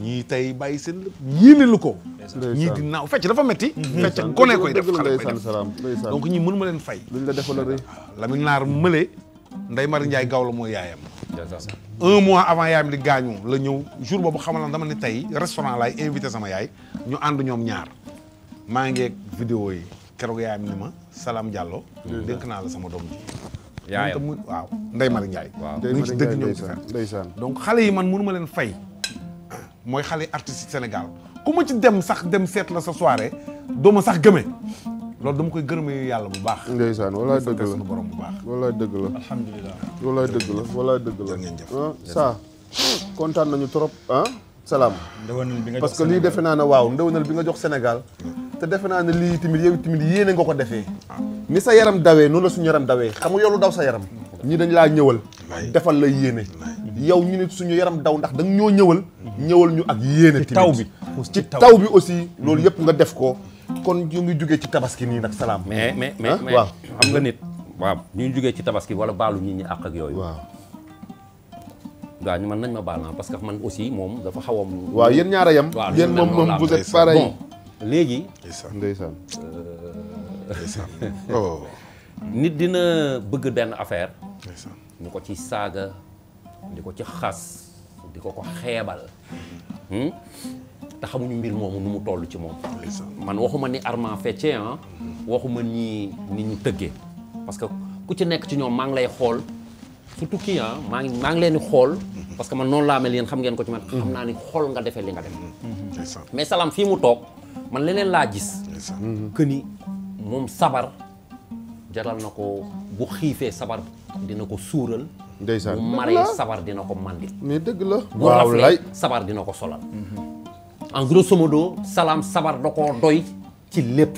ñii tey bàyyi seen yéene lu ko. ñii di naaw fecc dafa metti fecc gone koy def xale koy def donc ñii mënu ma leen fay. luñ la defal rëy. Lamine Naar mële Ndeye Mari Ndiaye gaaw la mooy yaayam. un mois avant yaayam di gaañu la ñëw jour boobu xamal na dama ne tey restaurant laay invité sama yaay ñu ànd ñoom ñaar maa ngeeg vidéo yi keroog yaayam ni ma salaam Diallo. dénk naa la sama doom ji. yaayam mu waaw Ndeye Mari Ndiaye. waaw mu ci dëgg ñëw ci fen ndeysaan donc xale yi man mënu leen fay mooy xale artiste Sénégal ku ma ci dem sax dem seet la sa soirée doo ma sax gëmee loolu dama koy gërëmee yàlla bu baax. ndeysaan walaay dëgg la sunu borom bu baax. walaay dëgg la alhamdulilah. walaay dëgg la walaay dëgg la. Ah, saa kontaan nañu trop ah salaam. parce que lii defe naa ne waaw ndewenal bi nga jox Sénégal. te defe naa ne lii tamit yow tamit yéene nga ko defee ni sa yaram dawee noonu la suñu yaram dawee xam nga yow daw sa yaram ñi dañ laa ñëwal defal la yéene yow ñu nit suñu yaram daw ndax da nga ñëwal ñëwal ñu ak yéene tamit taw bi ci taw bi aussi loolu yëpp nga def ko kon ñu ngi jugee ci tabaski nii nag salaam mais mais mais ah, waaw xam nga nit waaw ñuy jugee ci tabaski wala baalu nit ñi àq ak yooyu waaw waaw ñu man nañ ma baal naa parce que man aussi moom dafa xaw a waaw yéen yam yéen moom moom vous êtes léegi. ndeysaan oh. nit dina bëgg benn affaire. ñu ko ci saaga di ko ci xas di ko ko xeebal. Hmm? te xamuñu mbir moomu nu mu toll ci moom. man waxuma ni Armand Fecce ah. waxuma ni ni ñu tëggee. parce que ku ci nekk ci ñoom maa ngi lay xool surtout kii ah maa ngi maa ngi leen di xool. parce que man noonu laa mel yéen xam ngeen ko ci man. xam naa ni xool nga defee li nga def. mais salaam fii mu toog. man leneen laa gis. que ni moom sabar jaral na ko bu xiifee sabar dina ko suural. ndeysaan bu maree sabar dina ko màndil. mais dëgg la waaw lay sabar dina ko solal. en grosso modo salaam sabar da koo doy ci lépp.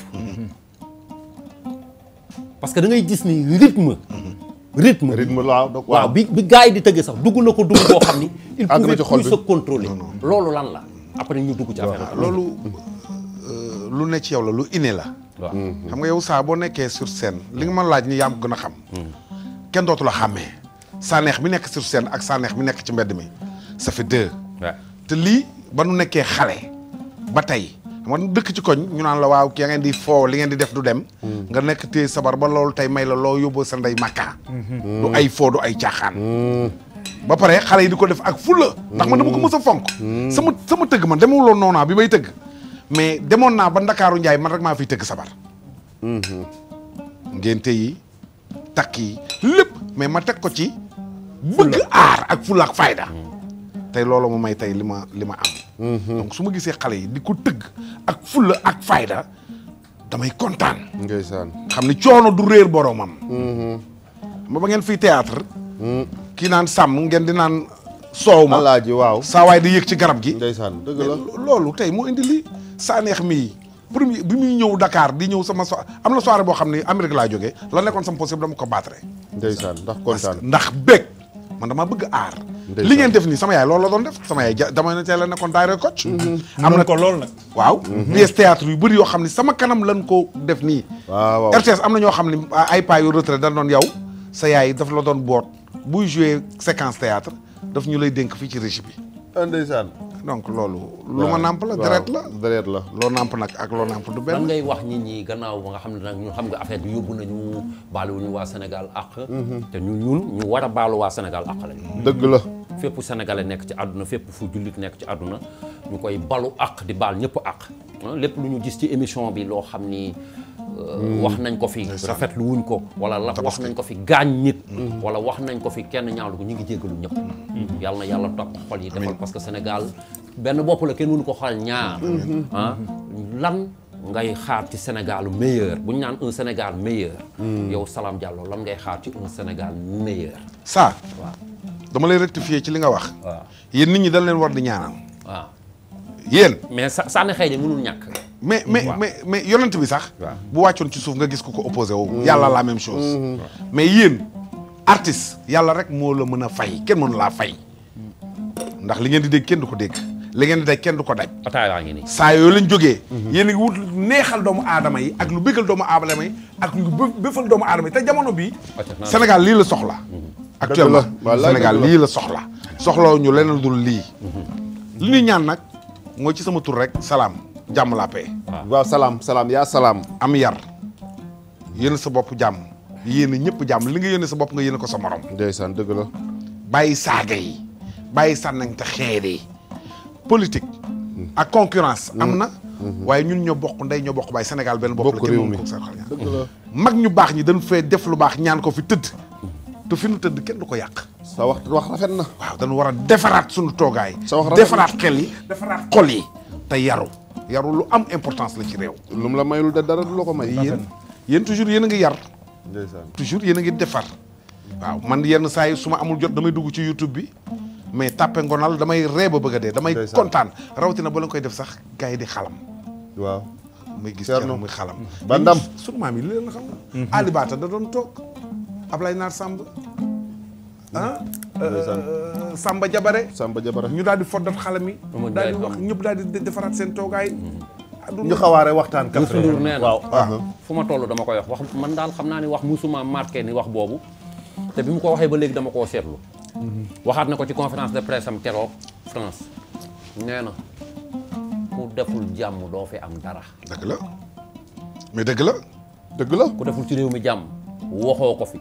parce que da gis ni rythme. rythme rythme laa da waaw bi bi gars yi di tëgg sax dugg na ko dugg boo xam ni. il pouvait plus se contrôler. loolu lan la après ñu dugg ci affaire loolu. lu ne ci yow la lu inné la. Mm-hmm. xam nga yow saa boo nekkee sur scène li nga ma laaj ni yaa gën a xam. Mm. kenn dootu la xàmmee. sànneex mi nekk sur scène ak sànneex mi nekk ci mbedd mi. ça fait deux. te lii ba nu nekkee xale. ba tey xam dëkk ci koñ ñu naan la waaw ki ngeen di foo li ngeen di def du dem. Mm. nga nekk téye sabar ba loolu tey may la loo yóbboo sa ndey màkka. Mm-hmm. Mm. du ay foo du ay caaxaan. ba pare xale yi di ko def ak fulla ndax ma dama ko mës a fonk. sama sama tëgg man demewuloon noonaa bi may tëgg. mais demoon naa ba Ndakaaru Njaay man rek maa fiy tëgg sabar ngénte yi takk yi lépp mais ma teg ko ci bëgg aar ak fulla ak fayda mm. tey loolu ma may tey li ma li ma am mm-hmm. donc su ma gisee xale yi di ko tëgg ak fulla ak fayda damay kontaan ndeysaan xam ni coono du réer boromam ma mm-hmm. ba ngeen fii théâtre mm. kii naan sàmm ngeen di naan soow ma alaaji waaw saa di yëg ci garab gi ndeysaan loolu tey moo indi lii Sanex mii premier bi muy ñëw Dakar di ñëw sama so am na soirée boo xam ne Amérique laa jógee la nekkoon sama possible dama ko battre. ndeysaan ndax kontaan ndax beeg man damaa bëgg aar. li ngeen def nii sama yaay lool la doon def sama yaay ja dama ne tey la nekkoon daayira coach. Mhm. am na ko lool nag. waaw mhm. pièce théâtre yu bëri yoo xam ne sama kanam lan ko def nii. waaw RTS am na ñoo xam ne ay paa yu retraite dañ doon yow sa yaay daf la doon boot bu jouer séquence théâtre daf ñu lay dénk fii ci régie bi. Ah, ndeysaan donc loolu. lu ma nàmp la deret la deret la. loo nàmp nag ak loo nàmp du benn. lan wax nit ñi gannaaw ba nga xam ne nag ñu xam nga affaire bi yóbbu nañu ñu waa Sénégal àq. Mhm. te ñu ñun ñu war a baalu waa Sénégal àq lañu. dëgg la. fépp sénégalais nekk ci àdduna fépp fu jullit nekk ci àdduna ñu koy balu àq di baal ñëpp àq ah, lépp lu ñu gis ci émission bi loo xam ni. Euh, wax nañ ko fi rafetlu wuñ ko wala wax nañ ko fi gaañ nit mm-hmm. wala wax nañ ko fi kenn ñaawlu ko ñu ngi jéggalu ñëpp mm-hmm. yàlla na yàlla topp xol yi defal parce que Sénégal benn bopp la kenn mënu ko xool ñaar mm-hmm. ah, lan ngay xaar ci Sénégal meilleur bu ñu un Sénégal meilleur mm. yow salaam Diallo lan ngay xaar ci un Sénégal meilleur ça waaw dama lay rectifier ci li nga wax waaw yéen nit ñi dañ leen war di ñaanal waaw yéen mais sànni xëy na mënul ñàkk mais mais mais mais yonent bi sax. bu wàccoon ci suuf nga gis ku ko opposé wu. Mm-hmm. yàlla la même chose. Mm-hmm. mais yéen artiste yàlla rek moo la mën a fay kenn mënu laa fay. Mm-hmm. ndax li ngeen di dégg kenn du ko dégg. li ngeen di daj kenn du ko daj. saa yooyu lañ jógee. yéen a ngi wut neexal doomu aadama yi ak lu bëggal doomu aadama yi ak lu bëfal doomu aadama yi te jamono bi senegal lii la soxla. actuellement Sénégal lii la soxla. soxlawu ñu leneen dul lii. li ñuy ñaan nag mooy ci sama tur rek salaam. jàmm la paix. waaw salaam salaam yaa salaam. am yar yéen sa bopp jàmm yéen ñëpp jàmm li nga yéen sa bopp nga yéen ko sa morom. ndeysaan dëgg la. bàyyi saaga yi bàyyi sànnañ te xeer yi politique. Hmm. ak concurrence hmm. am na. Hmm. waaye ñun ñoo bokk ndey ñoo bokk baay Sénégal benn bopp la kenn sa mag ñu baax ñi dañ fee def lu baax ñaan ko fi tëdd te fi nu tëdd kenn du ko yàq sa wax rafet na waaw dañu war a defaraat suñu toogaay defaraat xel yi defaraat xol yi te yaru yaru lu am importance la ci réew. lu mu la mayul da dara du loo ko may. yéen yéen toujours yéen a ngi yar. toujours yéen a ngi defar. waaw man yenn saay su ma amul jot damay dugg ci YouTube bi. mais tàppe ngonal damay ree ba bëgg a dee. damay kontaan rawatina ba la koy def sax gars yi di xalam. waaw. muy gis Thierno muy xalam. Mm-hmm. ba ndam sunu maam yi li leen mm-hmm. Alibaata da doon toog Ablaye Naar Samb mm-hmm. ah. Euh, Samba Jabare Samba Jabare ñu daal di foddat xale mi daal di wax ñëpp daal di defaraat seen toogaay mm-hmm. ñu xawaare waxtaan kat Youssou nee na waaw ah. uh-huh. fu ma tollu dama koy wax wax man daal xam naa ni wax musuma marqué ni wax boobu te bi mu ko waxee ba léegi dama koo seetlu mm-hmm. waxaat na ko ci conférence de presse am keroog France nee na ku deful jàmm doo fi am dara dëgg la mais dëgg la dëgg la ku deful ci réew mi jàmm waxoo ko fi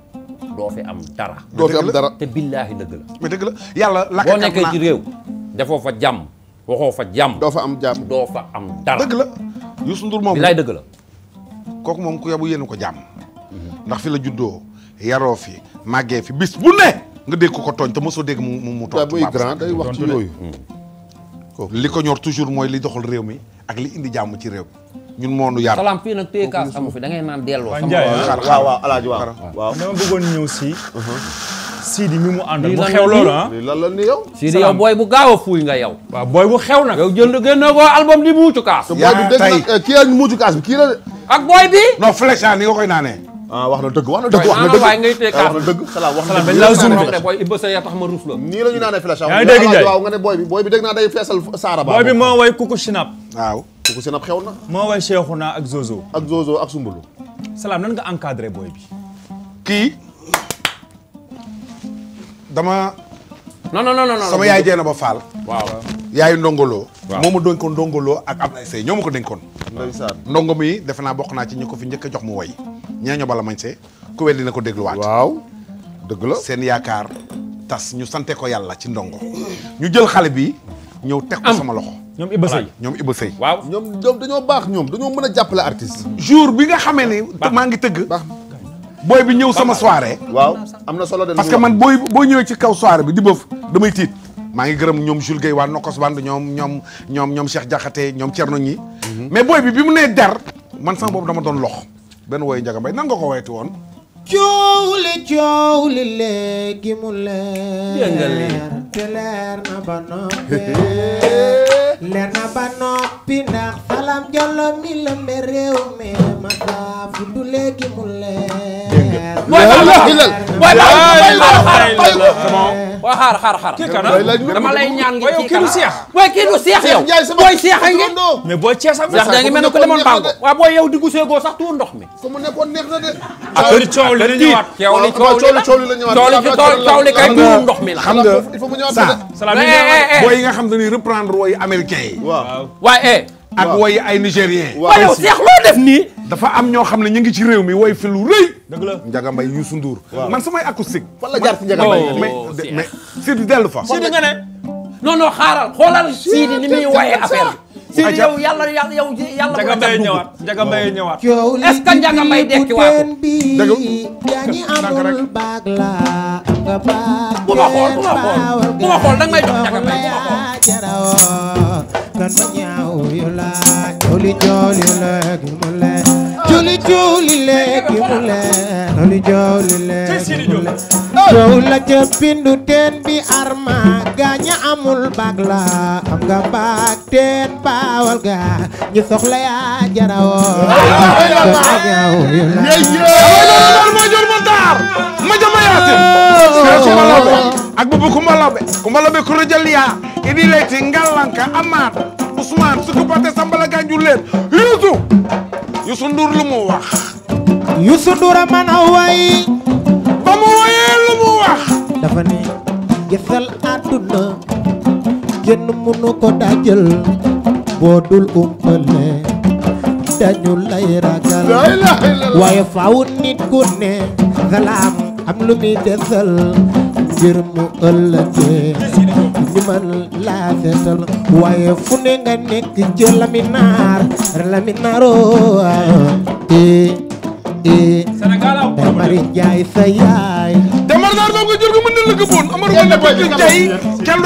doo fi am dara. doo fi dara te billaahi dëgg la. mais dëgg la yàlla lakka boo nekkee ci réew. defoo fa jàmm waxoo fa jàmm. doo fa am jàmm doo am dara. dëgg la Youssou Ndour moom bilaay dëgg la. kooku moom ku yabu yéen ko jàmm. ndax fi la juddoo yaroo fi màggee fi bis bu ne. nga dégg ko ko tooñ te mosoo dégg mu mu mu tooñ. muy grand day wax yooyu. Mm. li ko ñor toujours mooy li doxal réew mi ak li indi jàmm ci réew ñun moo nu yar. salaam fii nag téye kaas amu fi da naan delloo. waaw Ndiaye waaw waaw El waaw waaw. dama bëggoon ñëw si. Uh-huh. Sidi mi mu àndal mu xew loolu ah. lii lan la ni yow. Sidi yow booy bu gaaw a fuuy nga yow. waaw booy bu xew nag. yow jënd génne ko album di muucu kaas. yaa na kii yaa ngi muucu kaas bi kii de. ak booy bi. non flèche ah, na dëgg wax na dëgg wax na dëgg waaye ngay tax ah, ma ruuf la nii la ñu naanee flèche nga ne booy bi booy bi dégg naa day feesal saara ba booy bi moo way kuku sinap kooku seen xew na. moo way Cheikhouna ak Zozo. ak Zozo ak Sumbulu. salaam nan nga encadré booy bi. kii dama. non non non non sama yaay na ba Fall. waaw yaayu ndongolo. waaw moo ma dénkoon ndongolo ak Ablaye Seye ñoo ma ko dénkoon. ndeysaan ndongo mi defe naa bokk naa ci ñu ko fi njëkk a jox mu way ñaaño bala mañ see ku weddi na ko dégluwaat. waaw dëgg la seen yaakaar tas ñu sante ko yàlla ci ndongo. ñu jël xale bi ñëw teg ko sama loxo. ñoom Iba Sey ñoom Iba Sey waaw ñoom ñoom dañoo baax ñoom dañoo mën a jàppale artiste jour bi nga xamee ni maa ngi tëgg booy bi ñëw sama soire waaw am na solo de parce que man booy boo ñëwee ci kaw soirée bi di bëf damay tiit maa ngi gërëm ñoom Jules Guèye waa Nokos Band ñoom ñoom ñoom ñoom Cheikh Diakhaté ñoom Thierno ñi mhm. mais booy bi bi mu nee der man sama boobu dama doon lox benn wooyu Njaga bay nanga nga ko woyati woon coow li coow li léegi mu leer te na ba noppee leer na ba noppi ndax Salam Diallo mi lëmbe réew mi ma saafu du léegi mu leer booy booy xaar xaar xaar. dama lay ñaan nga kii kan booy kii du seex yow booy seex a ngi. mais booy ceeb sax daa ngi mel ne ku demoon bànko. waaw booy yow diggu seegoo sax tuur ndox mi. comme nekkoon neex na de. ah kër coow li la ñëwaat. coow li la ñëwaat coow li kay tuur ndox mi la. xam nga saa booy yi nga xam dañuy reprendre woy américain yi. waaw waaye. ak woy ay nigérien. waaw yow seex loo def nii. dafa am ñoo xam ne ñu ngi ci réew mi woy fi lu rëy. dëgg la Ndiaga Mbaye Youssou man samay acoustique. wala jaar ci Ndiaga Mbaye oh, oh, mais mais Sidi dellu fa. Sidi nga ne non non xaaral ni muy woyee affaire bi. Sidi yow yàlla yàlla yow yàlla. Ndiaga Mbaye ñëwaat Ndiaga ñëwaat. est-ce que Ndiaga Mbaye dekki waa juli juli léegi mu leer juli juli léegi yow la ca pindu teen bi arma gaaña amul baag la am nga baag teen baawal ga ñu soxla yaa jarawoo ak bubu kumalabe kumalabe kurajaliya idi leyti ngalanka amaat Ousmane suku pate sambala ganjul leen Youssou Youssou Ndour lu mu wax Youssou Ndour a man a way ba mu waye lu mu wax dafa ne gesal àdduna kenn mënu ko dajal boo dul umpale dañu lay ragal waaye faaw nit salaam am lu muy desal ngir mu ëllëgee ñu man laa seetal waaye fu ne nga nekk jël laminaar laminaaroo ah, eh. Sénégal aw problème Demba Ndiaye sa yaay. Demba Ndar doon ko jël ko mën na la gëboon Amadou Ngoñ la ko jël tey kenn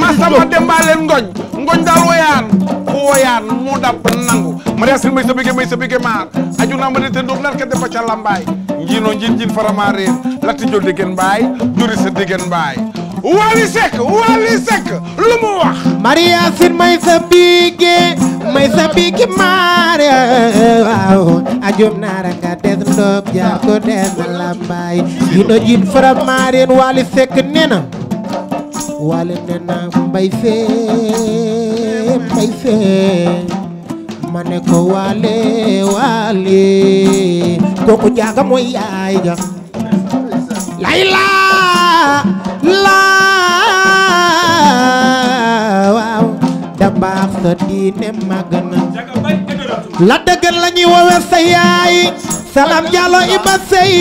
ngoñ ngoñ daal woyaan ku woyaan mu dab nangu. Maria Sine may sa maar aju naa ma ne te doom lan ka defa njiinoo njiin njiin farama réer latti jol juri sa diggen mbaay. Wally Seck Wally Seck lu mu wax Maria Sin may sa may sa bige Maria waaw ajum naara nga des ndoob ja des lambaay you know jin from Maria Wally Seck nee na Wally nee mbay fee mbay fee ma ne ko waale waale kooku jaaga mooy yaay ja layla laa waaw da baax sa diine màgg na la dëgër la ñuy sa yaay salaam jàllo iba sëy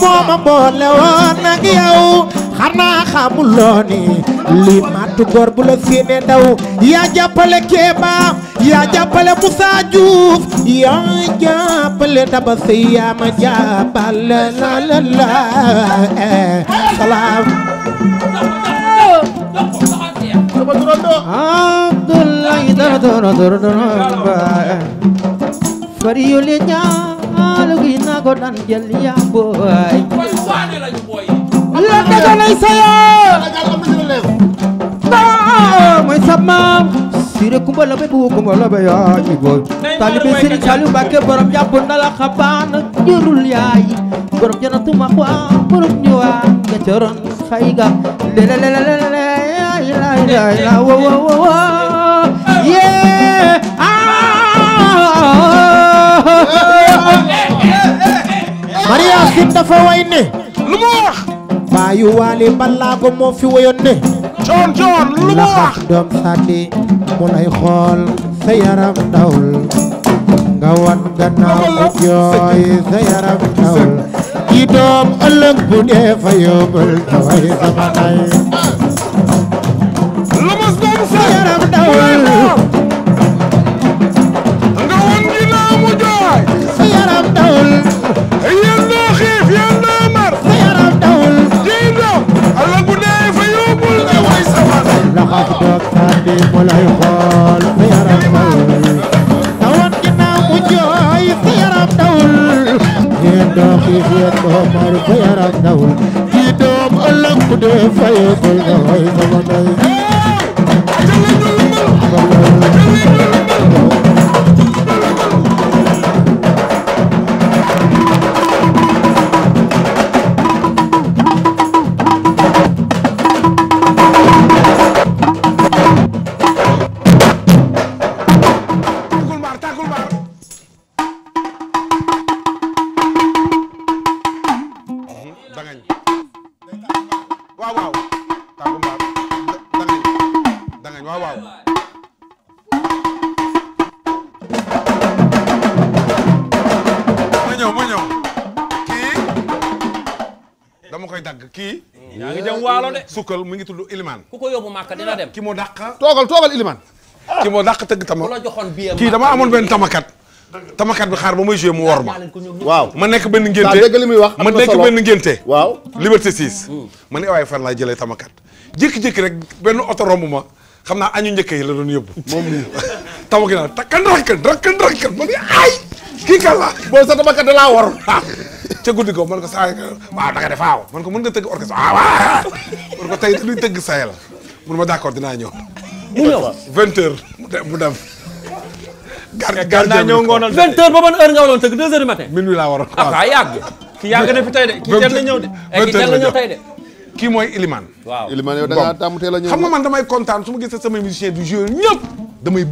mooma boole woon ak yow xanaa xamuloo ni lii màttu bu la séenee daw yaa jàppale Kéba yaa jàppale Moussa Diouf yaa jàppale Daba Sëy yaa ma jàppale la la la eh. salaam Abdoulaye dara dara dara dara baay fari yu li ñaalu gi na ko dan jël ya booy la daganay saya naa mooy sa maam sire kumba la be bu kumba la be yaa ji booy taalibe sëriñ Saliou Mbacké borom jàpp na la xabaan jërul yaay borom janatuma xwa borom ñëwaan nga ca ron faiga le le way ne lu baayu waale balaago moo fi wayoon ne John John lu mu doom sàddi mu lay xool sa yaram dawul nga wan gannaaw mu jooy sa yaram dawul itam ëllëg bu dee fa yóbbal daway sama nay lu mas doon sa yaram dawal nga woon ginnaaw mu jooy sa yaram dawal yéen doo xiif yéen doo mar sa yaram dawal jii doom ëllëg bu dee fa yóbbal daway sama nay laxaf doog taat bi mu lay xool sa yaram dawal doo xiif yéen moo maar fa yaram nawul kii doom ëllëg ku dee fayeekul nga way sama nay njukkal mu ngi tudd Iliman ku ko yóbbu màkk dina dem ki moo dàq toogal ah. ki moo dàq tëgg tama la joxoon bi kii dama amoon benn tamakat tamakat bi xaar ba mu wor ma waaw ma nekk benn ngénte dégg li muy wax ma nekk benn ngénte hmm. ma ne waaye fan laay jëlee tamakat jékki-jékki rek benn oto romb ma xam naa añu njëkk yi la doon yóbbu moom ni tama gi naa takkan rakkan rakkan rakkan ma ne ay kii kan la boo sa tamakat da laa war ah. ca guddi ko man ko saa waaw da nga def waaw man ko mën nga tëgg orchestre waaw waaw man ko tey luy tëgg sayel mun ma d'accord dinaa ñëw. mu ñëw vingt heures mu dem mu dem. gardien gardien ñëw ngoonal vingt heures ba ban a nga waroon tëgg deux heures du matin. minuit laa waroon ah, waaw ah yàgg. ki yàgg na fi tey de ki teel na ñëw de. vingt eh, heures la ñëw tey de. mooy Ilimane. waaw Ilimane yow da ngaa tàmm teel a ñëw. xam nga man damay kontaan su ma gisee samay musiciens du jeu ñëpp damay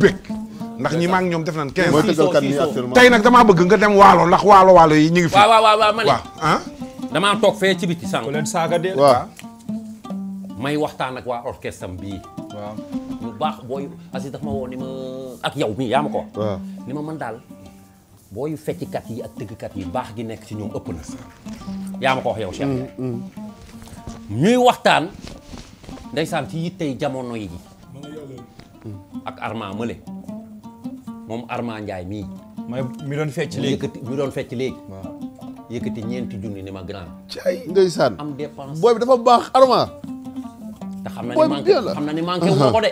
ndax ñi maa ngi ñoom def nañ 15 mooy tëggalkat tey nag damaa bëgg nga dem waalo ndax waalo waalo yi ñu ngi fi waaw waaw waaw ma ah? damaa toog fee ci biti sànq leen saaga dee may waxtaan ak waa orchestre am bii waaw ñu baax booy asi daf ma woo ma ak yow mii yaa ma ko wax ni ma man daal booy feccikat yi ak tëggkat yi baax gi nekk ci ñoom ëpp na yaa ma ko wax yow Cheikh mm, mm. ñuy waxtaan ndeysaan ci yittey jamono yi ak Armand Mële moom Arma Ndiaye mii. mooy mi doon fecc léegi yëkkati mi doon fecc léegi. yëkkati ñeenti junni ni ma grand. cay ndeysaan am dépense booy bi dafa baax Arma. te xam na ni manqué xam na ni manqué wu ko de.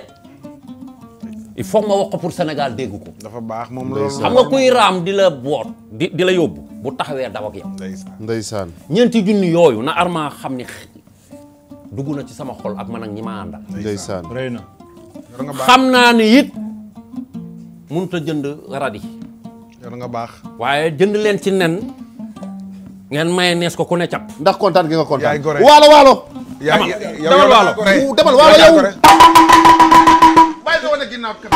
il faut ma wax pour Sénégal dégg ko. dafa baax moom loolu xam nga kuy raam di la boot di la yóbbu. bu taxawee daw ak yow. ndeysaan ñeenti junni yooyu na Arma xam ni dugg na ci sama xol ak man ak ñi ma àndal. ndeysaan xam naa ni it. mënut a jënd radi. yor baax. waaye jënd leen ci nen. ngeen maye nees ko ku ne cap. ndax kontaan gi nga kontaan. yaay gore waalo waalo. demal waalo demal waalo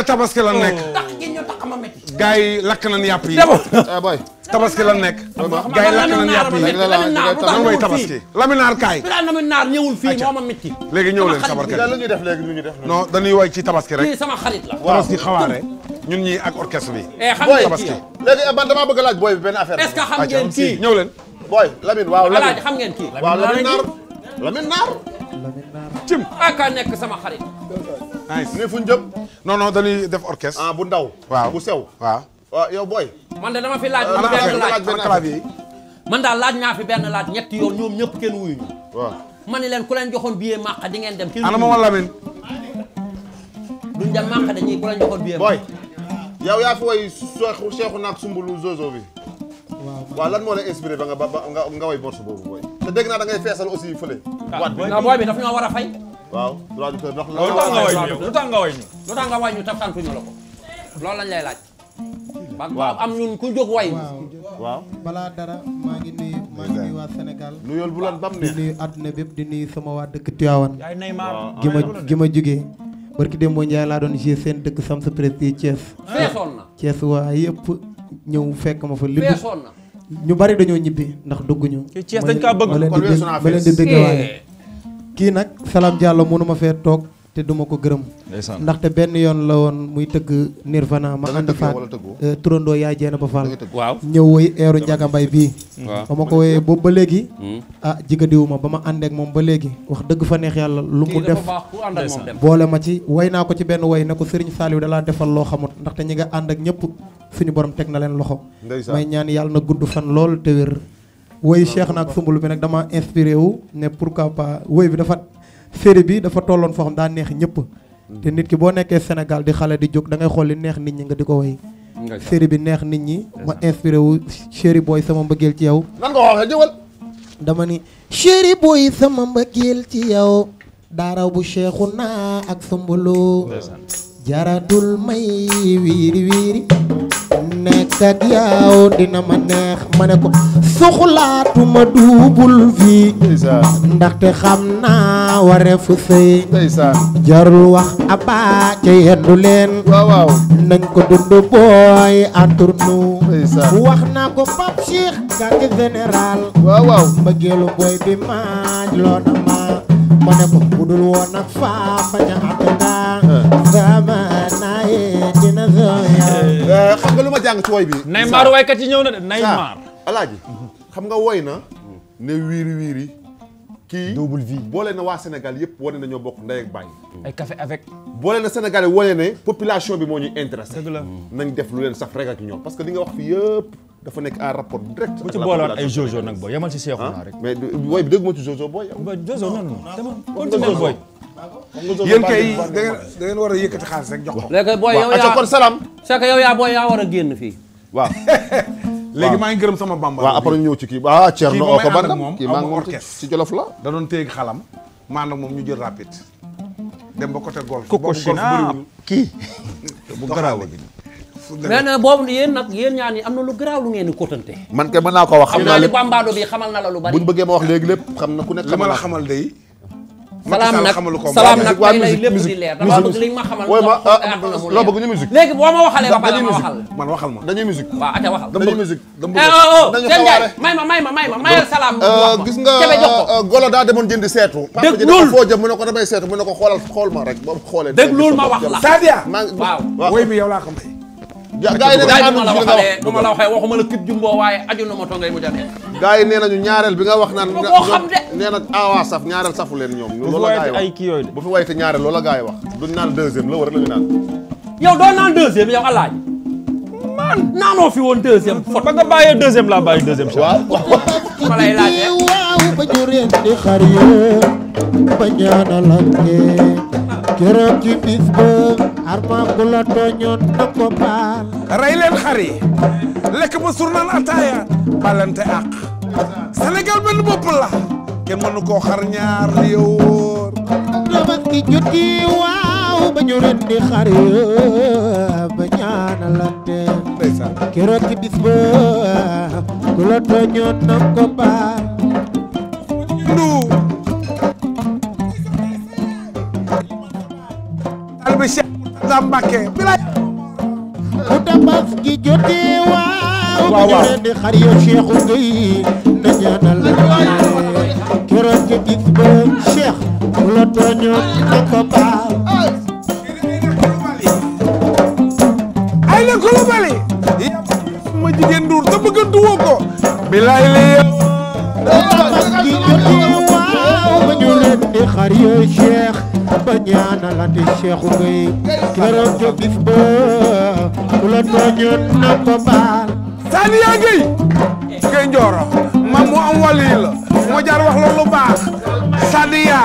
nga tabaski lan nekk. Oh. gaa yi lakk nañ yàpp yi. Ah, tabaski lan nekk. gaa yi lakk nañ yàpp yi lan mooy tabaski. laminaar kaay. laminaar ñëwul fii moo ma métti. léegi ñëw leen sabarkat yi. ñu def léegi ñu def. non dañuy woy ci tabaski rek. sama xarit la. tabaski xawaare ñun ñii ak orchestre bi. Eh, tabaski léegi eh, man damaa bëgg a laaj booy bi benn affaire. est-ce que xam ngeen kii ñëw leen. booy Lamine waaw Lamine xam ngeen kii. waaw laminaar laminaar. laminaar. cim. ak a nekk sama xarit. nice ne fu ñu jëm non non dañuy def orchestre. Ah, bu ndaw. waaw bu sew. waaw ah, yow booy. man de dama fi laaj. Ah, man daal laaj ñaa fi benn laaj ñetti yoon ñoom ñëpp kenn wuyu ñu. ma ne leen ku leen joxoon billet màq di ngeen dem. kenn ana ma wala Lamine. duñ dem màq dañuy ku leen joxoon billet. booy yow yaa fi woy Seexu Seexu naag Sumbulu Zozo bi. waaw lan moo lay inspiré ba nga ba nga nga woy morceau boobu booy. te dégg naa da ngay feesal aussi fële. waat bi booy bi daf ñoo war a fay. waaw droit d'auteur ndax. loolu tax nga wàññi lu tax nga wàññi lu tax nga ñu la ko loolu lañ lay laaj. waaw am ñun ku jóg waay. balaa dara maa ngi nuyu maa ngi nuyu waa Sénégal. nuyul bu lan bam ne. di nuyu àdduna bépp di nuyu sama waa dëkk Tivaouane. gi ma gi ma jugee. barki Demba Ndiaye laa doon gis seen dëkk Sam sa Prestige Thiès. waa yëpp ñëw fekk ma fa. feesoon ñu bari dañoo ñibbi ndax dugg ñu. Thiès dañ kaa ma leen di bëgg waale. Eh. kii nag Salam Diallo mënuma fee toog te duma ko gërëm ndaxte benn yoon la woon muy tëgg Nirvana ma ànd faak euh, turandoo yaay jeena ba Fall waaw ñëw woy eeru Njaga Mbay bii mm. ba ma ko woyee boobu ba léegi mm. ah jigadiwu ma ba ma àndeek moom ba léegi wax dëgg fa neex yàlla lu mu def boole ma ci way naa ko ci benn way ne ko Sëriñ Saaliw dalaa defal loo xamut ndaxte ñi nga ànd ak ñëpp suñu borom teg na leen loxo may ñaan yàlla na gudd fan lool te woy Cheikh naak sumbul bi nag dama inspiré wu ne pourquoi pas woy bi dafa série bi dafa tolloon foo xam daa neex ñëpp te nit ki boo nekkee Sénégal di xale di jóg dangay ngay xool li neex nit ñi nga di ko woy série bi neex nit ñi ma inspiré wu chéri booy sama mbëggeel ci yow nan dama ni chéri booy sama mbëggeel ci yow daaraw bu cheikhu naa ak sumbulu jaratul may wiiri wiiri nekk ak yow dina ma neex ma ne ko soxlaatuma duubul fii ndaxte xam naa wareefu sëy jarul wax abaa ca yendu leen nañ ko dund booy entre nous wax naa ko Pape Cheikh gàngi général mbëggeelu booy bi maaj loona ma ma ne ko budul woon ak faa bañ a Euh, xam nga lu ma jàng ci woy bi. Neymar kat yi ñëw na de Neymar. alaaji xam nga woy na. ne wiiri wiiri. kii double vie boole na waa Sénégal yëpp wane na ñoo bokk ndey ak baay. ay café avec. boole na Sénégal yi wane ne population bi moo ñuy intéressé. dëgg nañ def lu leen saf rek ak ñoom parce que li nga wax fi yëpp. dafa nekk en rapport direct. bu ci booloon ay Jojo nag booy yemal ci Seexuna ah? rek. mais woy bi dégg ma ci Jojo booy. Jojo non non. continue booy. yéen kay da ngeen war a yëkkati xaalis rek jox ko. léegi booy yow yaa kon salaam. booy yaa war a génn fii. waaw. léegi maa ngi gërëm sama bambara. waaw ñëw ci kii ah oo ko moom kii maa ngi moom ci la. da doon téeg xalam moom ñu jël rapide. dem ba côté golf boobu golf bëriwul kii. bu garaaw mais nag boobu yéen nag yéen ñaan yi lu garaaw lu ngeen di kotante. man kay mën naa wax xam naa lépp xam naa li bambado bi xamal na la lu bari. buñ bëggee ma wax léegi lépp xam na ku nekk. li ma la xamal day salaam nag salaam nag tey lay lépp di leer damaa ma xamal. wooy ma loo bëgg ñu musique. léegi boo ma waxalee ba pare ma waxal man waxal ma dañuy musique. waaw ata waxal dañuy musique. dañuy eh, oh, oh, xawaare may ma may ma may ma salaam. Euh, gis nga golo daa demoon jëndi seetu. dëgg loolu boo jëm mu ne ko damay seetu mu ne ko xoolal xool ma rek boo xoolee. dëgg loolu ma wax la. Sadia waaw waaw woy bi yow laa ko may. gaa yi ne daal ànduñu si li nga wax bu ma la na ñaareel bi nga wax naan nee na awa saf ñaareel safu ñoom loolu la gaa yi wax ay kii yooyu bu fi wayte ñaareel loolu la gaa yi wax duñ naan deuxième la war lañu naan yow doo a deuxième yow alaaj man naanoo fi woon deuxième fot ba nga bàyyee deuxième laa bàyyi deuxième waaw ma lay laajee di xar yo ba ñaanalante keroog ci bis ba arma ku la tooñoon na ko baal rey lekk ba ataaya balante àq Sénégal benn bopp la kenn mënu koo xar ñaar li wóor tabaski waaw ba ñu rendi xar yi ba ñaanalante keroog ci bis ba ku la tooñoon na ko baal Mourtada Mbacké bilay ku tabax gi waaw waaw ñu di xar yow Cheikhu Gueye na ñaanal keroog nga gis ba Cheikh mu la tooñoon ne ko baal ay la Coulibaly ma jigéen duur te bëgg a duwoo ko bilay li yow ku tabax di xar yow Cheikh ba ñaanalante Cheikh Gueye këram jogif ba ku la tooñoon na ko baal Saniya Gueye Gueye Ndioro mu am wàll jaar wax loolu baax Saniya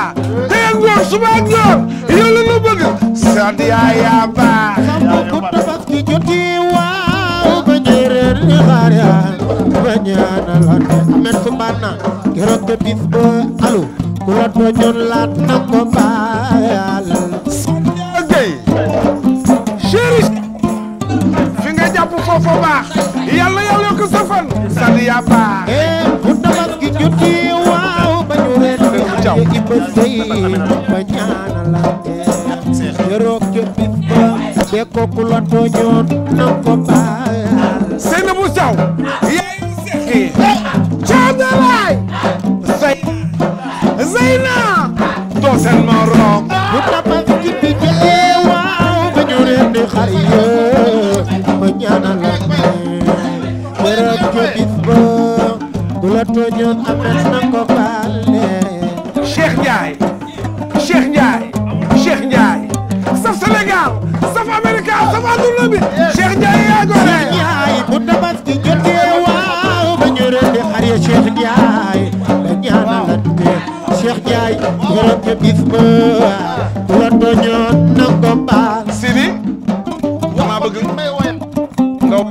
tey ngoor suba ngoor yow la ñu yaa baax ko tabaski joti waaw ba ñeereer ni xaar yaa ba ñaanalante amet ko banna këram jogif ba alo loto ñun laat na ko baayal Sandiara fi nga jàpp foofu baax yàlla yàlla ko safan Sandiara baax ee eh, bu tamas gi juddi waaw ba ñu reen i ba sey ba ñaana laate Dila doo seen morom bu tàmba fi ci bi waaw ba ñu leen di xar yë ma ñaanal la bërëb jo bis ba bu la tooñoon amees na ko baale Cheikh Ndiaye Cheikh Ndiaye Cheikh Ndiaye saf Sénégal saf Amérique saf àdduna bi Cheikh Ndiaye yaa gore bu tabaski borom ca bis ba ku la tooñoon na ko baal sidi dama bëgg may wayal nga mi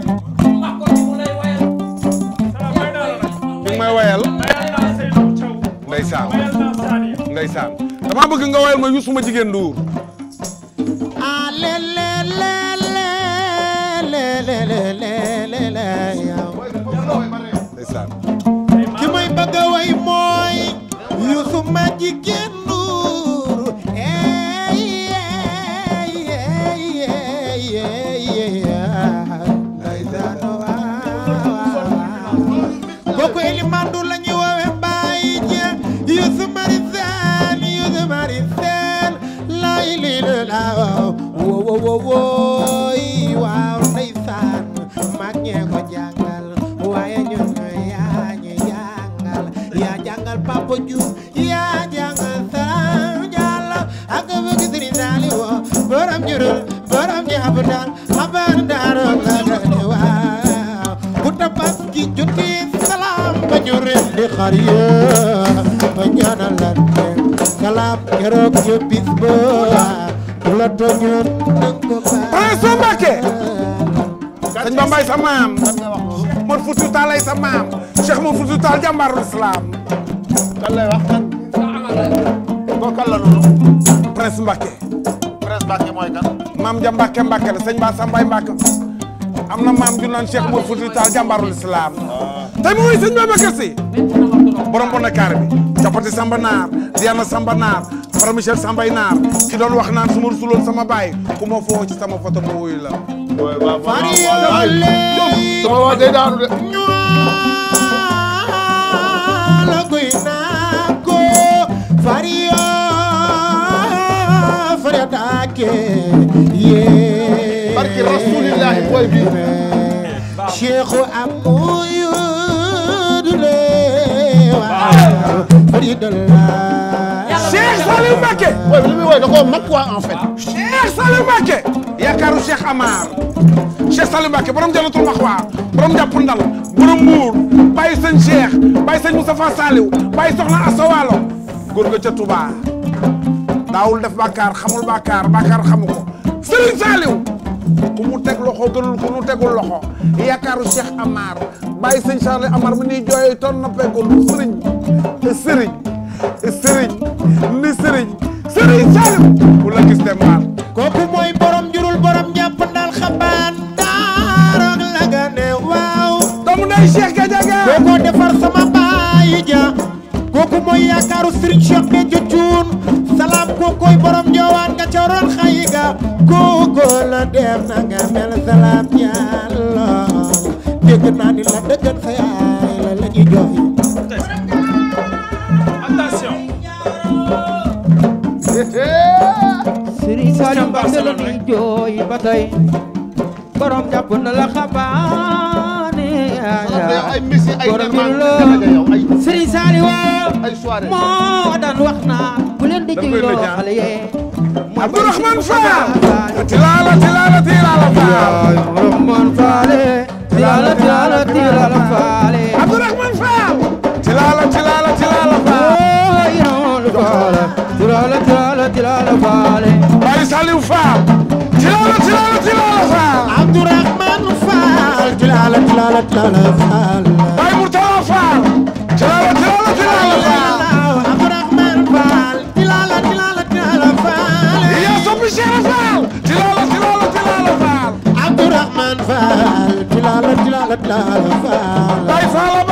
may wayal bëgg nga wayal ma Youssou ma jigéen Ndour Maria ma ñaanal la kalaam keroog ñu bis ba bu la tooñoon baax soo Mbàkke dañ ba mbay sa maam Mor Fuuta Taal ay sa maam Cheikh Mor Fuuta Taal jàmbaarul Islaam kan maam ja Mbàkke la sëñ Ba Sambay Mbàkke am na maam ju naan Cheikh Mor Fuuta Taal jàmbaarul Islaam ah. tey mooy sëñ Babacar Si borom bon kaar bi jàppati Samba Naar Diana Samba Naar Fra Michel Sambay Naar ki wax naan su ma rusuloon sama baay ku ma foo ci foto ma la. sama waa day daanu de. la koy naa ko Farida la. Cheikh Saliou Mbacké. waaw li muy woy da koo mag quoi en fait. Cheikh Saliou Mbacké. yaakaaru Cheikh Amar. Cheikh Saliou Mbacké borom jalatul maxwaa borom jàppul ndal borom muur bàyyi sëñ Cheikh bàyyi sëñ Moustapha Saliou soxna Asawaalo góor ga ca Touba daawul def bàkkaar xamul bàkkaar bàkkaar xamu ko Serigne ku mu teg loxo gënul ku mu tegul loxo yaakaaru Cheikh Amar bàyyi sëñ Charles Amar mi ñuy jooyee toon na peggul sëriñ sëriñ sëriñ ni sëriñ sëriñ Salim bu la gis dem waar kooku mooy borom jurul borom ñàpp ndaal xambaan daaroog la nga waaw doomu nay Cheikh Gadiaga kookoo defar sama bàyyi ja kooku mooy yaakaaru mooy borom njowaan nga xayi ga kooku la dem na nga mel salaam yàlla dégg la dëggan sa yaay la la ñuy jox attention Serigne Saliou Mbacké la bu leen di dégloo xale yee Abdourahmane Fall tilaala tilaala tilaala Fall Abdourahmane Fall tilaala tilaala tilaala Fall Abdourahmane Fall tilaala tilaala tilaala Fall yinawoon Fall tilaala tilaala tilaala Fall Baye Saliou Fall tilaala tilaala tilaala Fall Abdourahmane Fall tilaala tilaala tilaala Fall Baay Faal